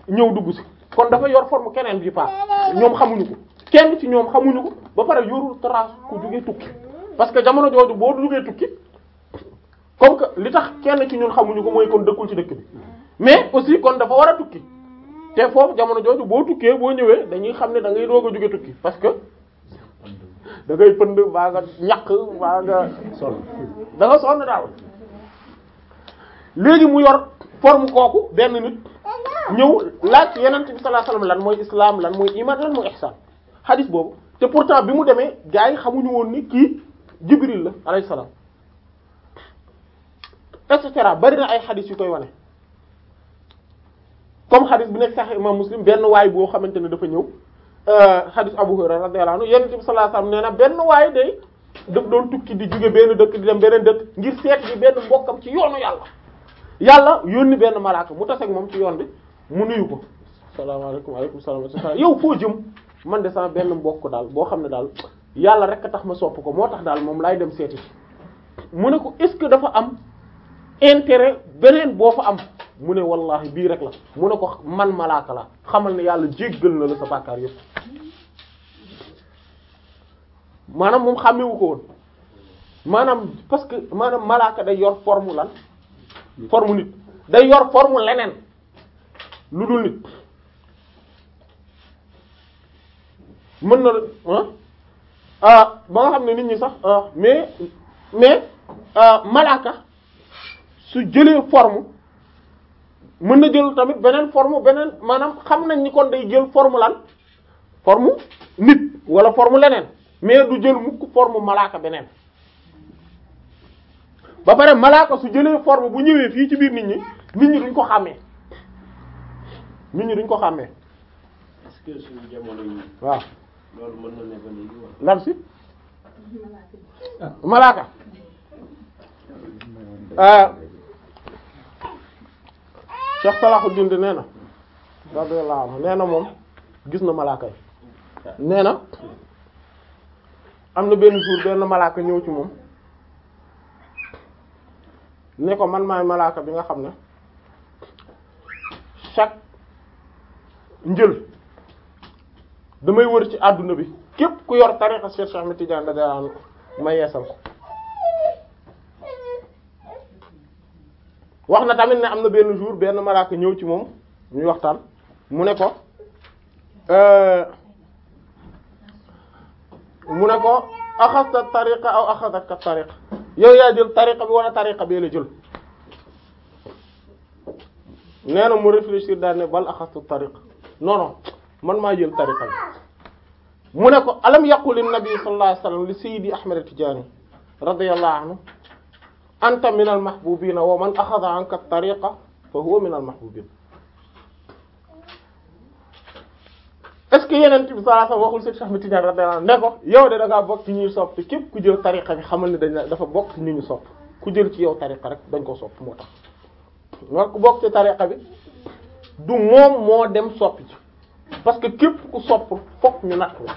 ñëw dugg si kon dafa yor forme keneen bi paas ñoom xamuñu ko kenn ci ñoom xamuñu ko ba pare yorul trace ku jóge tukki parce que jamono jooju boo duggee tukki comme que li tax kenn ci ñun xamuñu ko mooy kon dëkkul ci dëkk bi mais aussi kon dafa war a tukki te foofu jamono jooju boo tukkee boo ñëwee dañuy xam ne dangay ngay doog a jóge tukki parce que da ngay pënd baa nga ñàkk baa nga sonn da nga sonn daal léegi mu yor forme kooku benn nit ñëw laaj yeneen bi sallallahu lan mooy islam lan mooy iman lan mooy ihsan hadith boobu te pourtant bi mu demee gars xamuñu woon nit kii jibril la alayhi salaam et bari na ay xadis yu koy wane comme xadis bi nekk sax imam muslim benn waay boo xamante ne dafa ñëw euh, xadis abu hurayra radiyallahu anhu yonent bi sallallahu alayhi nee na benn waay day daf doon tukki di jóge benn dëkk di dem beneen dëkk ngir seet bi benn mbokkam ci yoonu yàlla yàlla yónni benn malaaka mu taseeg moom ci yoon bi mu nuyu ko salaamaaleykum aleykum salaam yow foo jëm man de sama benn mbokk daal boo xam ne daal yàlla rek a tax ma sopp ko moo tax daal moom laay dem seeti mu ne ko est-ce que dafa am intérêt beneen boo fa am mu ne wallahi bii rek la mu ne ko man malaaka la xamal na yàlla jéggal na la sa bàkkaar yëpp maanaam moom xàmmewu ko woon maanaam parce que maanaam malaaka day yor forme lan forme nit day yor forme leneen lu dul nit mën na ah Euh, ba nga xam ne nit ñi sax euh, mais mais euh, malaaka su jëlee forme mën na jël tamit beneen forme beneen maanaam xam nañ ni kon day jël forme lan forme nit wala forme leneen mais du jël mukk forme malaaka beneen ba pare malaaka su jëlee forme bu ñëwee fii ci biir nit ñi nit ñi duñ ko xàmmee nit ñi duñ ko xàmmee. est-ce waaw. loolu mën na ne ba léegi lan si malaaka ah. Ah. Cheikh Salahuddin di nee na nee na moom gis na malaaka yi nee na am na benn jour benn malaaka ñëw ci moom ne ko man maay malaaka bi nga xam ne chaque njël damay wër ci àdduna bi képp ku yor tariqa Cheikh Ahmed Tidiane radiyallahu anhu ma yeesal ko wax na tamit ne am na benn jour benn malaaka ñëw ci moom ñuy waxtaan mu ne ko euh, mu ne ko axasta tariqa aw axadaka tariqa yow yaa jël tariqa bi wala tariqa bee la jël nee na mu réfléchir daal ne bal axastu tariqa non man maa jël tariqa bi mu ne ko alam yaqul li nabi sallallahu alayhi wasallam li sayyidi ahmad tijaani radiyallahu anhu anta min al mahbubina wa man akhadha anka tariqa fa huwa min al mahbubin est-ce que yeneen bi sallallahu alayhi wasallam waxul sayyidi ahmad tijaani radiyallahu anhu ne ko yow de da ngaa bokk ci ñuy sopp te képp ku jël tariqa bi xamal ne dañ dafa bokk ci ñu ñu sopp ku jël ci yow tariqa rek dañ ko sopp moo tax war ku bokk ci tariqa bi du moom moo dem soppi ci parce que képp ku sopp fokk ñu natt la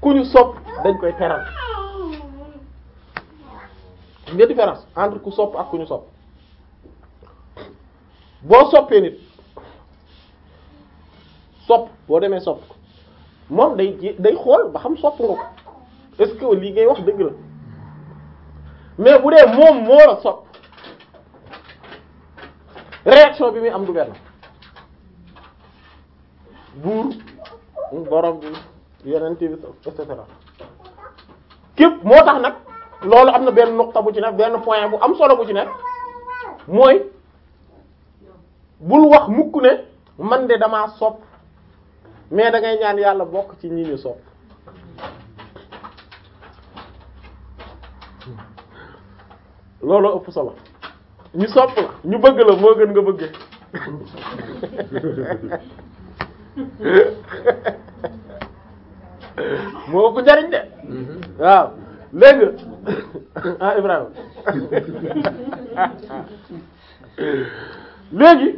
ku ñu sopp dañ koy teral nga différence entre ku sopp ak ku ñu sopp boo soppee nit sopp boo demee sopp moom day day xool ba xam sopp nga ko est-ce ngay wax dëgg la mais bu dee moom moo la sopp réaction bi muy am du benn buur borom bi yeneen bi et cetera képp moo tax nag loolu am na benn nuqta bu ci nekk benn point bu am solo bu ci nekk mooy bul wax mukk ne man de damaa sopp mais da ngay ñaan yàlla bokk ci ñi ñu sopp loolu ëpp solo ñu sopp la ñu bëgg la moo gën nga bëggee <laughs> moo ko jariñ de waaw léegi <coughs> ah Ibrahima <coughs> léegi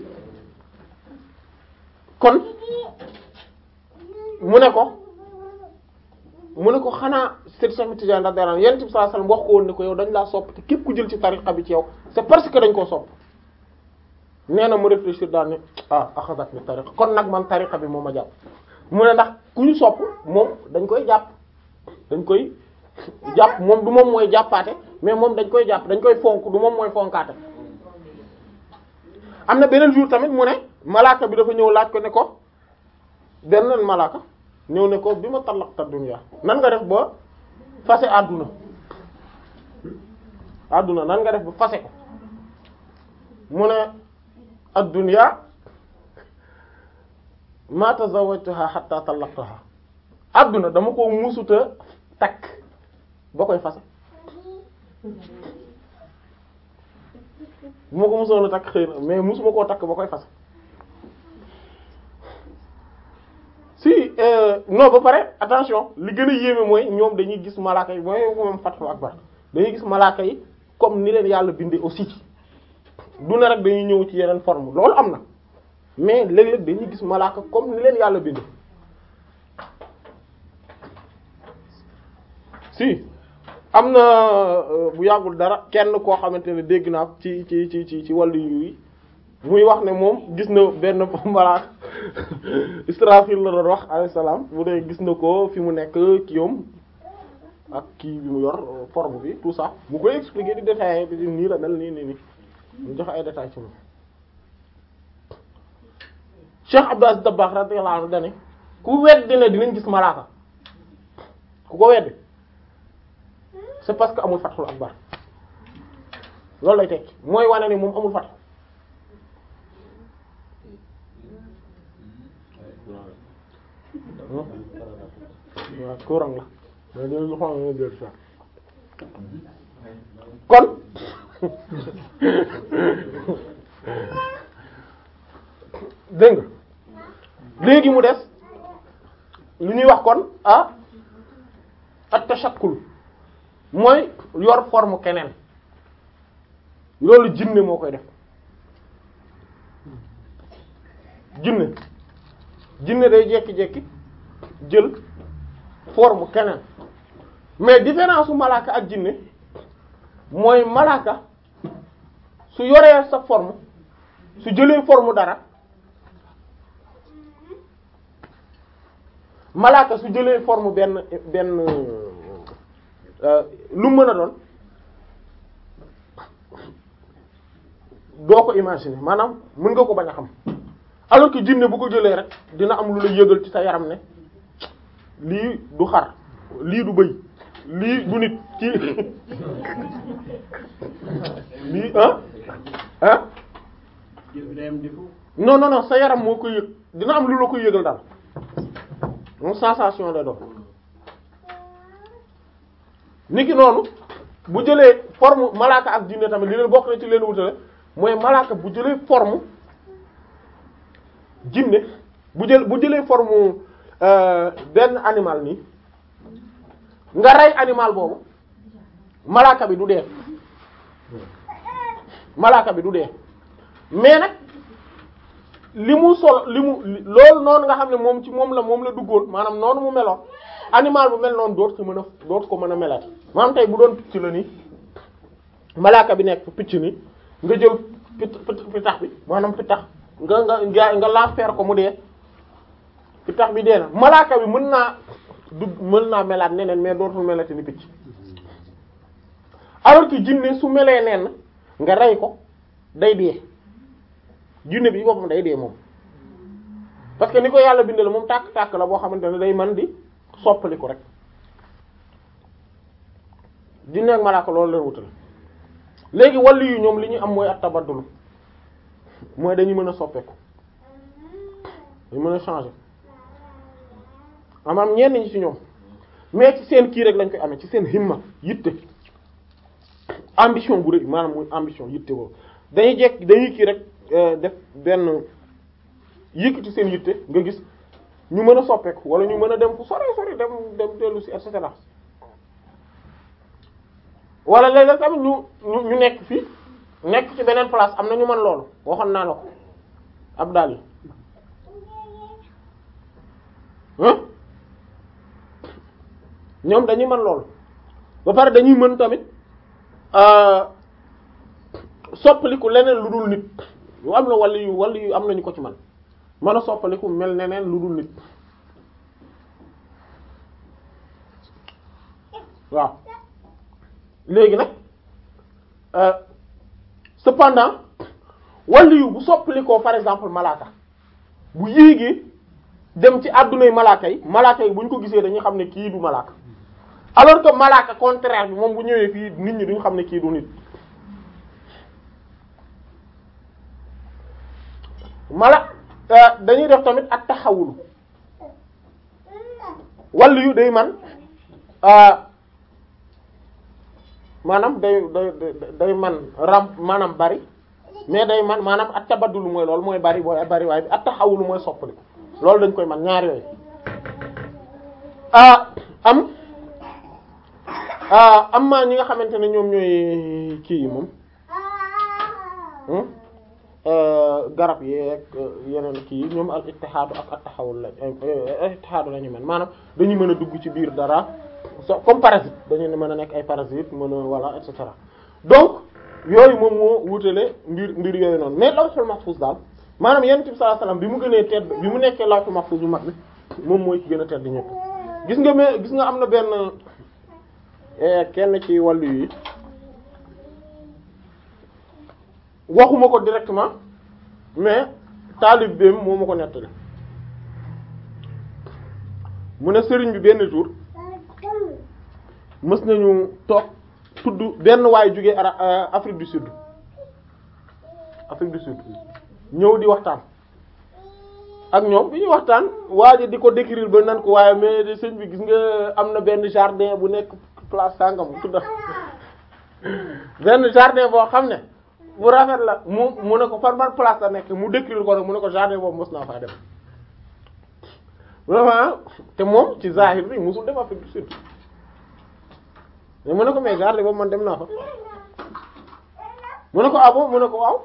kon mu ne ko mu ne ko xanaa Seydi Cheikh Tidiane radiyallahu anhu Yonent bi sallallahu alayhi wax ko woon ne ko yow dañ laa sopp te képp ku jël ci tariqa bi ci yow c'est parce que dañ koo sopp nee na mu réfléchir daal ne ah axadat ni tariqa kon nag man tariqa bi moom a jàpp mu ne ndax ku ñu sopp moom dañ koy jàpp dañ koy jàpp moom du moom mooy jàppaate mais moom dañ koy jàpp dañ koy fonk du moom mooy fonkaate am na beneen jour tamit mu ne malaaka bi dafa ñëw laaj ko ne ko beneen malaaka ñëw ne ko bi ma talaqta dunya nan nga def ba fase àdduna àdduna nan nga def ba fase ko mu ne ad-dunya ma tazawwajtuha adduna dama ko musuta takk ba koy fas bu ma ko musoon a takk xëy na mais musuma koo takk ba koy fas si euh, non ba pare attention li gën a yéeme mooy ñoom dañuy gis malaaka yi mooy moom fatxu akbar dañuy gis malaaka yi comme ni leen yàlla bindee aussi du ne rek dañuy ñëw ci yeneen forme loolu am na mais léeg-léeg dañuy gis malaaka comme ni leen yàlla bind si am na euh, bu yàggul dara kenn koo xamante ne dégg naa ci ci ci ci ci wàllu yi muy wax ne moom gis na benn <laughs> malaaka <laughs> Israfil la doon wax alayhi salaam bu dee gis na ko fi mu nekk kiyom ak kii bi mu yor euh, forme bi tout ça mu koy expliquer di détailler bi nii la mel nii nii nii ñu joxe ay détails ci moom Cheikh Abdou Aziz Dabakh radiyallahu anhu dane ku weddi ne dinañ gis malaaka ku ko weddi c'est parce que amul fathul akbar loolu lay tekki mooy wane ni moom amul fath waaw la kon dégg nga léegi mu des lu ñuy wax kon ah at tashakkul mooy yor forme keneen loolu jinne moo koy def jinne jinne day jekki-jekki jël forme keneen mais différence u malaaka ak jinne mooy malaaka su yoree sa forme su jëlee forme dara malaaka su jëlee forme benn benn euh, lu mën a doon doo ko imaginer maanaam mën nga ko bañ a xam alors que jinne bu ko jëlee rek dina am lu lay yëgal ci sa yaram ne lii du xar lii du bëy lii du nit lii ah ah non non non sa yaram moo koy yëg dina am lu la koy yëgal daal moom sensation la doon niki noonu bu jëlee forme malaaka ak jinne tamit li leen bokk na ci leen wutale mooy malaaka bu jëlee forme jinne bu jël bu jëlee forme euh, benn animal nii nga rey animal boobu malaaka bi du dee malaaka bi du dee mais nag li mu solo li mu loolu noonu nga xam ne moom ci moom la moom la duggoon maanaam noonu mu meloon animal bu mel noonu doot ko mën a doot ko mën a melaat maanaam tey bu doon picc la nii malaaka bi nekk picc ni nga jël pitax bi maanaam pitax nga nga nga nga laafer ko mu dee pitax bi dee na malaaka bi mën naa du mën naa melaat neneen mais dootul melati ni picc alors que jinne su melee nen nga rey ko day dee jinne bi boppam day dee moom parce que ni ko yàlla bindal moom tàkk-tàkk la boo xamante ne day man di soppali ko rek jinne ak ko loolu leen wutal léegi wàllu yu ñoom li ñu am mooy at tabaddul mooy dañu mën a soppeeku dañu mën a changer maanaam ñenn ñu ci ñoom mais ci seen kii rek lañ koy amee ci seen himma yitte ambition bu rëy maana muy ambition yitte boobu dañuy jekk dañuy kii rek euh, def benn yëkkati seen yitte nga gis ñu mën a soppeeku wala ñu mën a dem fu sori sori dem dem dellu si et cetera wala léeg-léeg tamit ñu ñu nekk fii nekk ci beneen place am na ñu mën loolu waxoon naa la ko ab daal yi ñoom dañuy mën lool ba pare dañuy mën tamit euh, soppaliku leneen lu dul nit yu am la wala yu wala yu am nañu ko ci man mën a soppaliku mel neneen lu dul nit waaw léegi nag euh, cependant wàllu yu bu soppalikoo par exemple malaaka bu yéegee dem ci àddunay malaaka yi malaaka yi bu ñu ko gisee dañuy xam ne kii du malaaka alors que malaaka contraire bi moom bu ñëwee fii nit ñi duñ xam ne kii du nit mala euh, dañuy def tamit at taxawul wàllu yu day man euh, maanaam day day day man ram maanaam bari mais day man maanaam at tabaddulu mooy loolu mooy bari booy bari waay bi at taxawulu mooy soppali loolu dañ koy man ñaar yooyu euh, am Ah, am na ñi nga xamante ne ñoom ñooy kii yi moom hmm? eh, garab yeeg eh, yeneen kii yi ñoom al ittihaadu ak at-tahawul la al eh, ittihaadu la ñu mel maanaam dañuy mën a dugg ci biir dara so comme parasite dañu mën a nekk ay parasite mën a voilà et cetera donc yooyu moom moo wutale mbir mbir yooyu noonu mais lawhul mahfuz daal maanaam yenn bi sallallahu alayhi bi mu gënee tedd bi mu nekkee lawhul mahfuz bu mag bi moom mooy ki gën a tedd ñépp gis nga mais gis nga am na benn. Eh, kenn ci wàllu yi waxuma ko directement mais taalib bem moo ma ko nettali mu ne sëriñ bi benn jour mës nañu toog tudd benn waay jóge euh, Afrique du Sud Afrique du Sud ñëw di waxtaan ak ñoom bi ñuy waxtaan waa ji di ko décrire ba nan ko waaye mais sëñ bi gis nga am na benn jardin bu nekk place sangam tudda benn jardin boo xam ne bu rafet la mu mu ne ko par ban place la nekk mu décrire ko nag mu ne ko jardin boobu mos naa faa dem te moom ci zahir bi mosul dem Afrique du Sud mu ne ko mais jardin boobu man dem naa fa mu ne ko ah mu ne ko waaw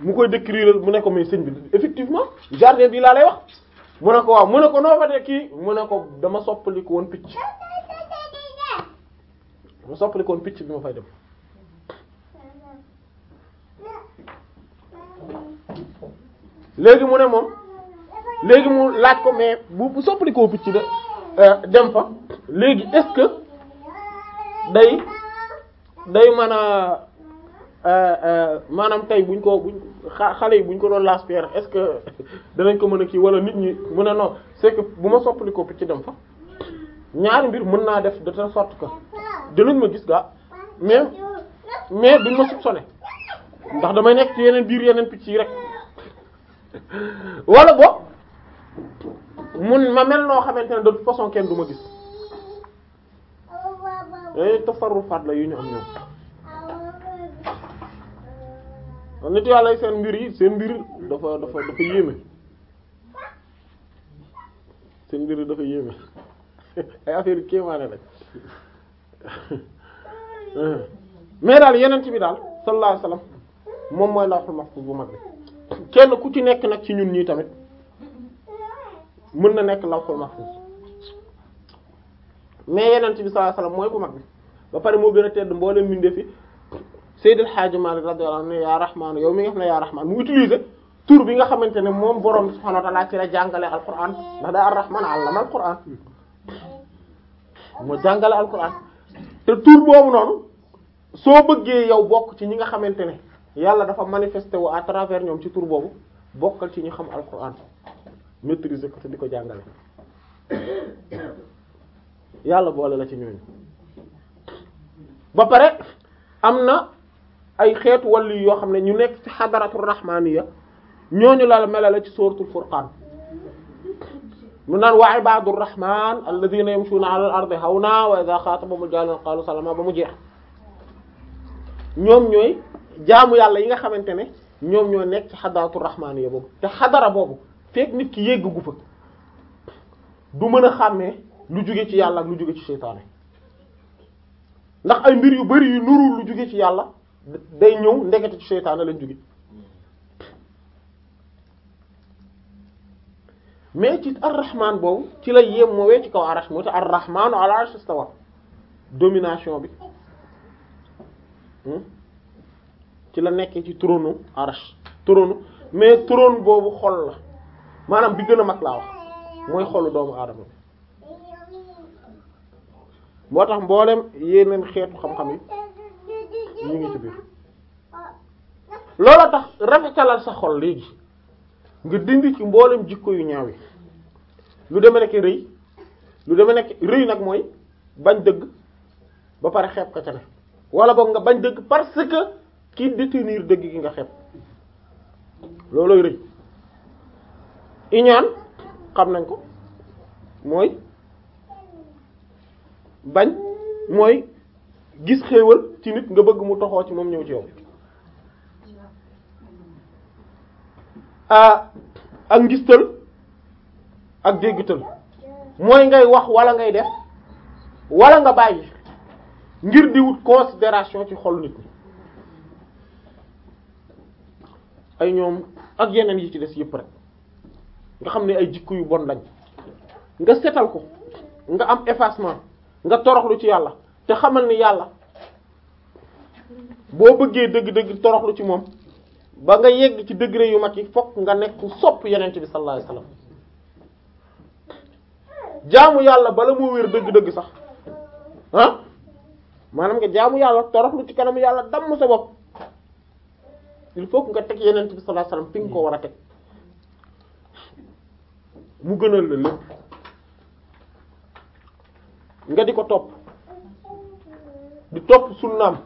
mu koy décrire mu ne ko mais sëñ bi effectivement jardin bi laa lay wax mu ne ko waaw mu ne ko noo fa de kii mu ne ko dama soppali ko woon picc mu soppali picc bi ma fay dem léegi mu ne moom léegi mu laaj ko mais bu bu soppali picc de euh, dem fa léegi est-ce que day day mën a euh, euh, maanaam tey buñ ko buñ xale yi buñ ko doon laas pierre est-ce que <laughs> danañ ko mën a kii wala nit ñi mu ne non c'est que bu ma soppalikoo koo picc dem fa ñaari mbir mun naa def de telle sorte que dinañ ma gis gaa mais mais duñ ma soupçonné ndax damay nekk ci yeneen biir yeneen picc yi rek wala bo mun ma mel noo xamante ne de toute façon kenn du ma gis yooyu eh, tafarrufaat la yu ñu am ñoom. kon nit yàlla seen mbir yi seen mbir dafa dafa dafa yéeme seen mbir yi dafa yéeme <laughs> ay affaire kéemaane la Euh. mais daal yeneen bi daal sallallahu alayhi wasallam moom mooy lawhul mahfuz bu mag bi kenn ku ci nekk nag ci ñun nii tamit mën na nekk lawhul mahfuz mais yeneen bi sallallahu alayhi wasallam mooy bu mag bi ba pare moo gën a tedd mboolem mbindee fi Seydil Hadji Malick radiyallahu anhu yaa rahmaan yow mi nga xam ne yaa rahmaan mu utiliser tur bi nga xamante ne moom borom subhanahu wa ta'ala ci la jàngale alquran ndax daa ar-rahmaan allama alquran moo jàngale alquran. te tur boobu noonu soo bëggee yow bokk ci ñi nga xamante ne yàlla dafa manifesté wu à travers ñoom ci tur boobu bokkal ci ñu xam alquran maîtriser ko te di ko jàngale yàlla boole la ci ñooñu ba pare am na ay xeetu wàllu yoo xam ne ñu nekk ci xadaratu rahmaniya ñooñu la melale ci suratul furqan mu naan wa ibadur rahman alladhina yamshuna ala al ardi hawna wa idha khatabahumul jahiluna qalu salama ba mu jeex ñoom ñooy jaamu yàlla yi nga xamante ne ñoom ñoo nekk ci xadaratu rahmaan ya boobu te xadara boobu fekk nit ki yégg gu fa du mën a xàmmee lu jóge ci yàlla ak lu jóge ci seytaane ndax ay mbir yu bari yu nurul lu jóge ci yàlla day ñëw ndekete ci seytaane lañ jóge mais ci arrahman boobu ci la yem moowee ci kaw arash moo tax arrahmanu ala arsh istawa domination bi hmm? ci la nekkee ci trône arash trône mais trône boobu xol la maanaam bi gën a mag laa wax mooy xolu doomu aadama bi moo tax mboolem yeneen xeetu xam-xam yi ñu ngi ci biir loola tax rafetalal sa xol léegi nga dind ci mboolem jikko yu ñaaw yi lu deme nekk rëy lu deme nekk rëy nag mooy bañ dëgg ba pare xeeb ka ca ne wala boog nga bañ dëgg parce que ki détenir dëgg ki nga xeeb loolooy rëy iñaan xam nañ ko mooy bañ mooy gis xéewal ci nit nga bëgg mu toxoo ci moom ñëw ci yow ak ngistal ak jéggital mooy ngay wax wala ngay def wala nga bàyyi ngir di wut ci xol nit ñi ay ñoom ak yeneen yi ci des yëpp rek nga xam ne ay jikk yu bon lañ nga setal ko nga am effacement nga toroxlu ci yàlla te xamal ni yàlla boo bëggee dëgg-dëgg toroxlu ci moom ba nga yegg ci degré yu mat yi fokk nga nekk sopp yonent bi sallallahu alayhi wasallam jaamu yàlla bala moo wér dëgg-dëgg sax ah maanaam nga jaamu yàlla toroxlu ci kanam yàlla damm sa bopp il faut nga teg yonent bi sallallahu alayhi fi nga ko war a teg mu gënal la lépp nga di ko topp di topp sunnaam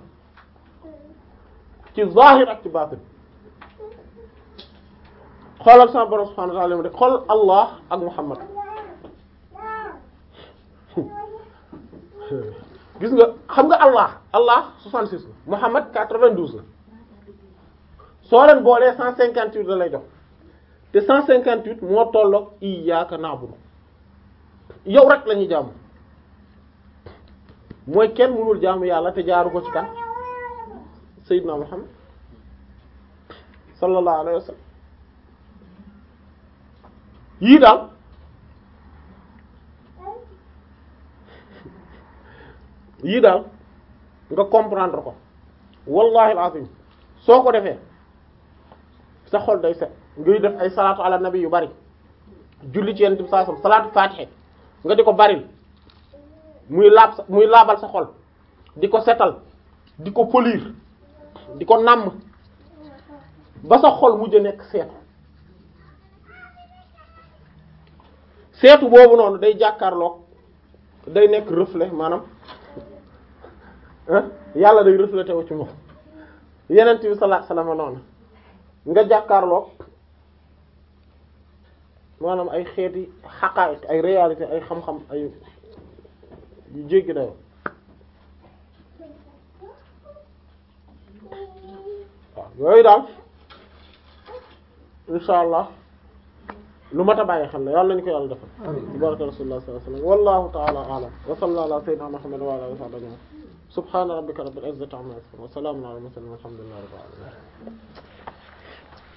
ci zahir ak ci baatin xoolal sama borom subhaanahu Allah ak Muhammad <laughs> gis nga xam nga Allah Allah 66 la Muhammad 92 la soo leen boolee 158 la lay jox te 158 moo tolloog iyyaaka na'budu yow rek la ñuy mooy kenn mënul jaamu yàlla te jaaru ko ci kan Seydina Muhammad sallallahu alayhi wa yii daal yii daal nga comprendre ko wallahi alazim soo ko defee sa xol day set ngay def ay salaatu ala nabi yu bari julli ci yenn bi saa salaatu fatiha nga di ko baril muy laab muy laabal sa xol di ko setal di ko polir di ko namm ba sa xol mujj nekk seetu seetu boobu noonu day jàkkaarloog day nekk rëfle maanaam yàlla day reflété wu ci moom yenent bi sallallahu alayhi wasallam noonu nga jàkkaarloog maanaam ay xeeti xaqaayit ay réalité ay xam-xam ay yu jéggi dayo yooyu daal insha allah lu mat a bàyyi xel la yàlla nañu ko yàlla defal ci baraka rasulullah sallallahu alayhi wa sallam wallahu ta'ala a'lam wa sallallahu ala sayyidina muhammad wa ala alihi wa sahbihi subhana rabbika rabbil izzati amma yasifun wa salamun ala al mursalin walhamdulillahi rabbil alamin